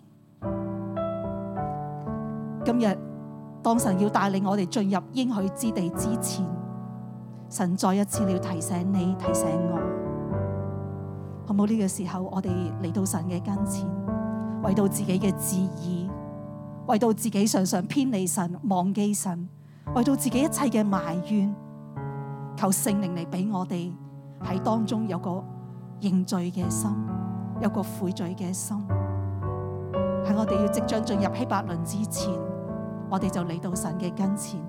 今日。當神要帶領我哋進入應許之地之前，神再一次要提醒你、提醒我，好唔好？呢個時候，我哋嚟到神嘅跟前，為到自己嘅旨意，為到自己常常偏離神、忘記神，為到自己一切嘅埋怨，求聖靈嚟俾我哋喺當中有個認罪嘅心，有個悔罪嘅心，喺我哋要即將進入希伯倫之前。我哋就嚟到神嘅跟前，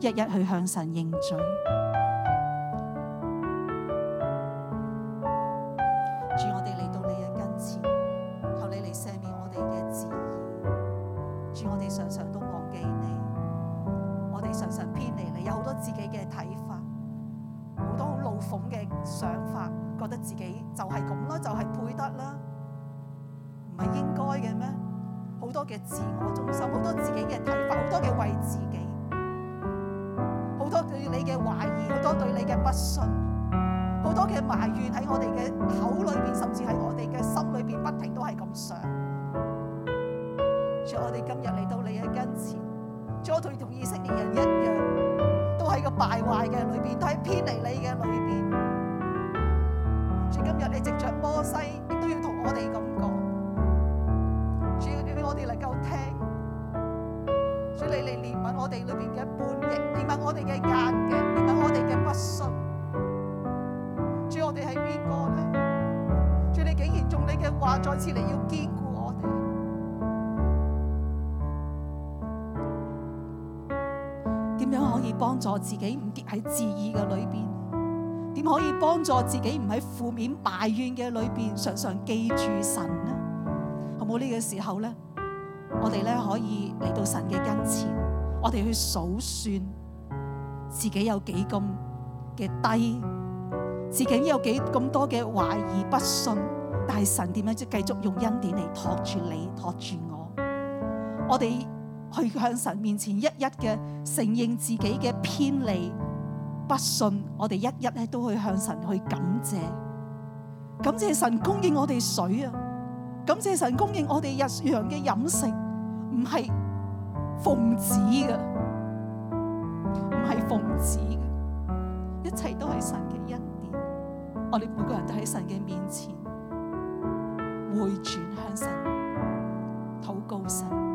一一去向神認罪。好多嘅埋怨喺我哋嘅口裏邊，甚至喺我哋嘅心裏邊，不停都係咁想。所以我哋今日嚟到你嘅跟前，主，我哋同以色列人一樣，都喺個敗壞嘅裏邊，都喺偏離你嘅裏邊。主，今日你藉着摩西，亦都要同我哋咁講，主要要我哋能夠聽。主，你嚟憐憫我哋裏邊嘅叛逆，憐憫我哋嘅再次你要堅固我哋，點樣可以幫助自己唔跌喺自疑嘅裏邊？點可以幫助自己唔喺負面埋怨嘅裏邊？常常記住神呢？好冇呢個時候咧？我哋咧可以嚟到神嘅跟前，我哋去數算自己有幾咁嘅低，自己有幾咁多嘅懷疑不信。但係神點樣即係繼續用恩典嚟托住你，托住我。我哋去向神面前一一嘅承認自己嘅偏離不信，我哋一一咧都去向神去感謝，感謝神供應我哋水啊，感謝神供應我哋日常嘅飲食，唔係奉旨嘅，唔係奉旨嘅，一切都係神嘅恩典。我哋每個人都喺神嘅面前。回轉向神，禱告神。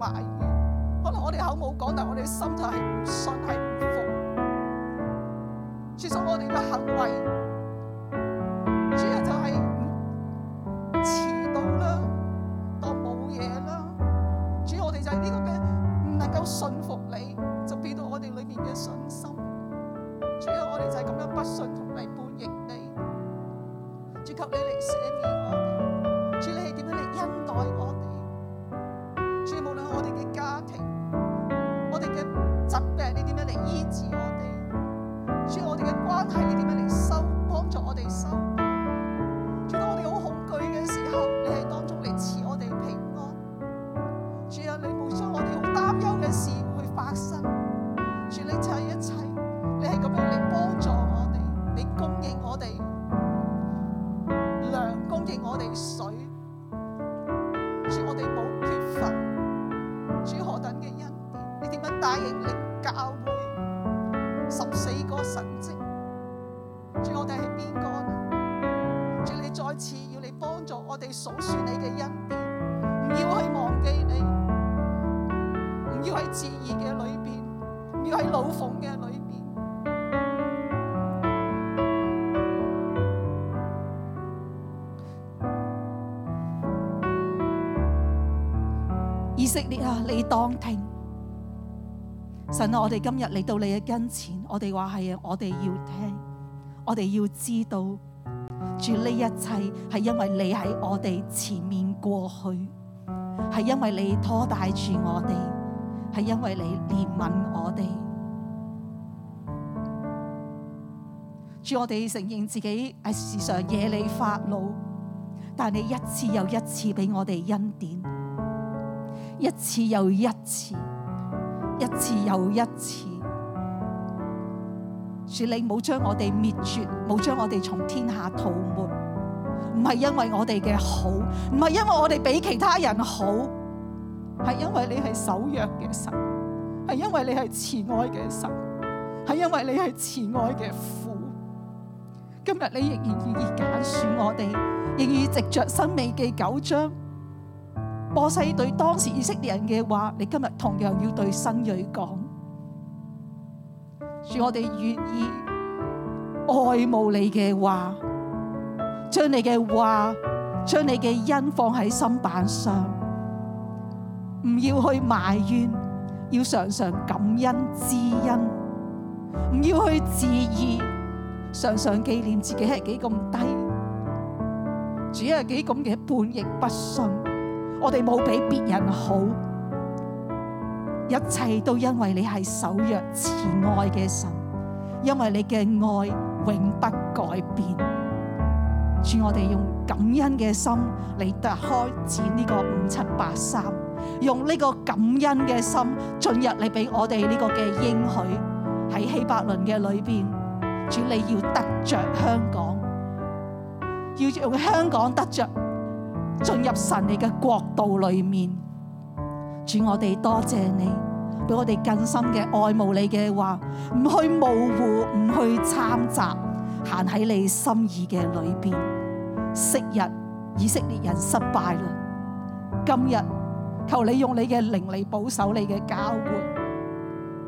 埋怨，可能我哋口冇講，但係我哋心就係唔信，係唔服。至少我哋嘅行為。以色列啊，你當聽，神啊，我哋今日嚟到你嘅跟前，我哋話係，我哋要聽，我哋要知道，主呢一切係因為你喺我哋前面過去，係因為你拖帶住我哋，係因為你憐憫我哋。主，我哋承認自己係時常惹你發怒，但你一次又一次俾我哋恩典。一次又一次，一次又一次，主你冇將我哋滅絕，冇將我哋從天下塗抹。唔係因為我哋嘅好，唔係因為我哋比其他人好，係因為你係守約嘅神，係因為你係慈愛嘅神，係因為你係慈愛嘅父。今日你仍然願意揀選我哋，仍然藉着申命記九章。摩西對當時以色列人嘅話，你今日同樣要對新蕊講。主，我哋願意愛慕你嘅話，將你嘅話，將你嘅恩放喺心板上，唔要去埋怨，要常常感恩知恩，唔要去自意，常常紀念自己係幾咁低，只係幾咁嘅叛逆不順。我哋冇比別人好，一切都因為你係守約慈愛嘅神，因為你嘅愛永不改變。主，我哋用感恩嘅心嚟得開展呢個五七八三，用呢個感恩嘅心進入你俾我哋呢個嘅應許喺希伯倫嘅裏邊。主，你要得着香港，要用香港得着。進入神你嘅國度裏面，主，我哋多謝你，俾我哋更深嘅愛慕你嘅話，唔去模糊，唔去摻雜，行喺你心意嘅裏邊。昔日以色列人失敗啦，今日求你用你嘅靈嚟保守你嘅教會，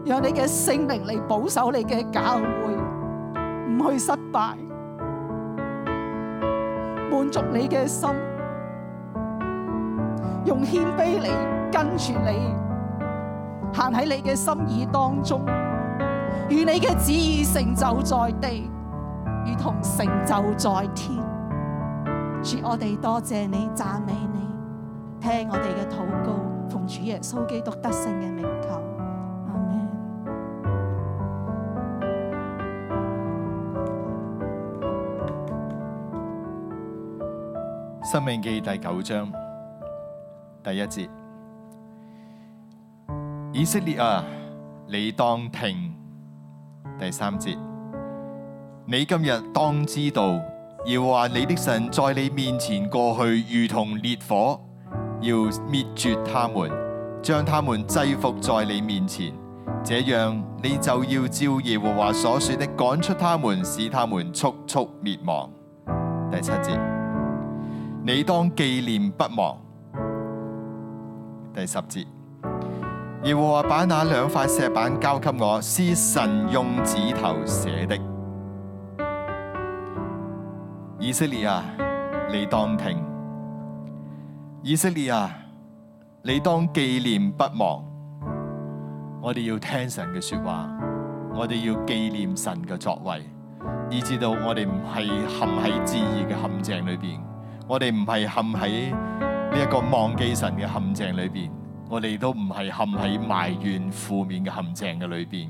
用你嘅聖靈嚟保守你嘅教會，唔去失敗，滿足你嘅心。用謙卑嚟跟住你，行喺你嘅心意當中，願你嘅旨意成就在地，如同成就在天。主我哋多謝你，讚美你，聽我哋嘅禱告，奉主耶穌基督得勝嘅名求。阿門。申命記第九章。第一節，以色列啊，你當聽。第三節，你今日當知道，耶和華你的神在你面前過去，如同烈火，要滅絕他們，將他們制服在你面前，這樣你就要照耶和華所說的趕出他們，使他們速速滅亡。第七節，你當紀念不忘。第十節，耶和華把那兩塊石板交給我，是神用指頭寫的。以色列啊，你當聽；以色列啊，你當紀念不忘。我哋要聽神嘅說話，我哋要紀念神嘅作為，以致到我哋唔係陷喺自義嘅陷阱裏邊，我哋唔係陷喺。呢一個忘記神嘅陷阱裏邊，我哋都唔係陷喺埋怨負面嘅陷阱嘅裏邊。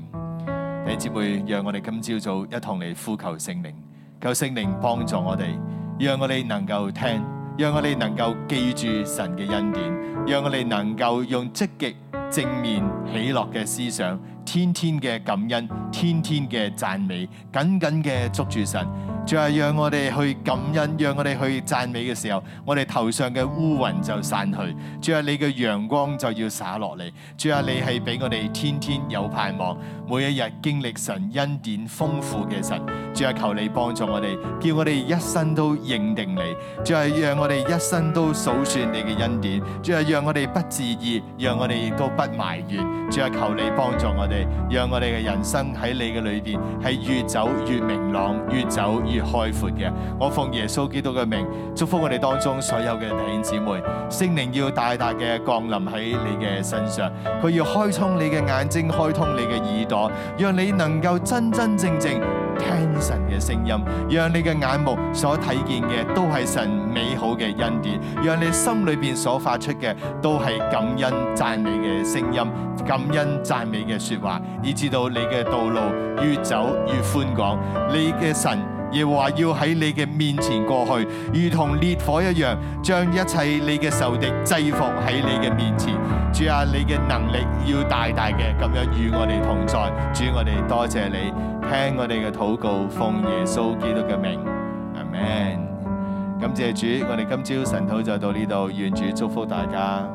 弟兄姊妹，讓我哋今朝早，早一同嚟呼求聖靈，求聖靈幫助我哋，讓我哋能夠聽，讓我哋能夠記住神嘅恩典，讓我哋能夠用積極正面喜樂嘅思想。天天嘅感恩，天天嘅讚美，緊緊嘅捉住神。仲係讓我哋去感恩，讓我哋去讚美嘅時候，我哋頭上嘅烏雲就散去。最後你嘅陽光就要灑落嚟。最後你係俾我哋天天有盼望，每一日經歷神，恩典豐富嘅神。仲係求你幫助我哋，叫我哋一生都認定你。仲係讓我哋一生都數算你嘅恩典。仲係讓我哋不自意，讓我哋亦都不埋怨。仲係求你幫助我哋。讓我哋嘅人生喺你嘅裏邊，係越走越明朗，越走越開闊嘅。我奉耶穌基督嘅名，祝福我哋當中所有嘅弟兄姊妹，聖靈要大大嘅降臨喺你嘅身上，佢要開通你嘅眼睛，開通你嘅耳朵，讓你能夠真真正正。聽神嘅聲音，讓你嘅眼目所睇見嘅都係神美好嘅恩典，讓你心裏邊所發出嘅都係感恩讚美嘅聲音、感恩讚美嘅說話，以至到你嘅道路越走越寬廣，你嘅神。耶話要喺你嘅面前過去，如同烈火一樣，將一切你嘅仇敵制服喺你嘅面前。主啊，你嘅能力要大大嘅，咁樣與我哋同在。主，我哋多謝你聽我哋嘅禱告，奉耶穌基督嘅名，阿門。感謝主，我哋今朝晨禱就到呢度，願主祝福大家。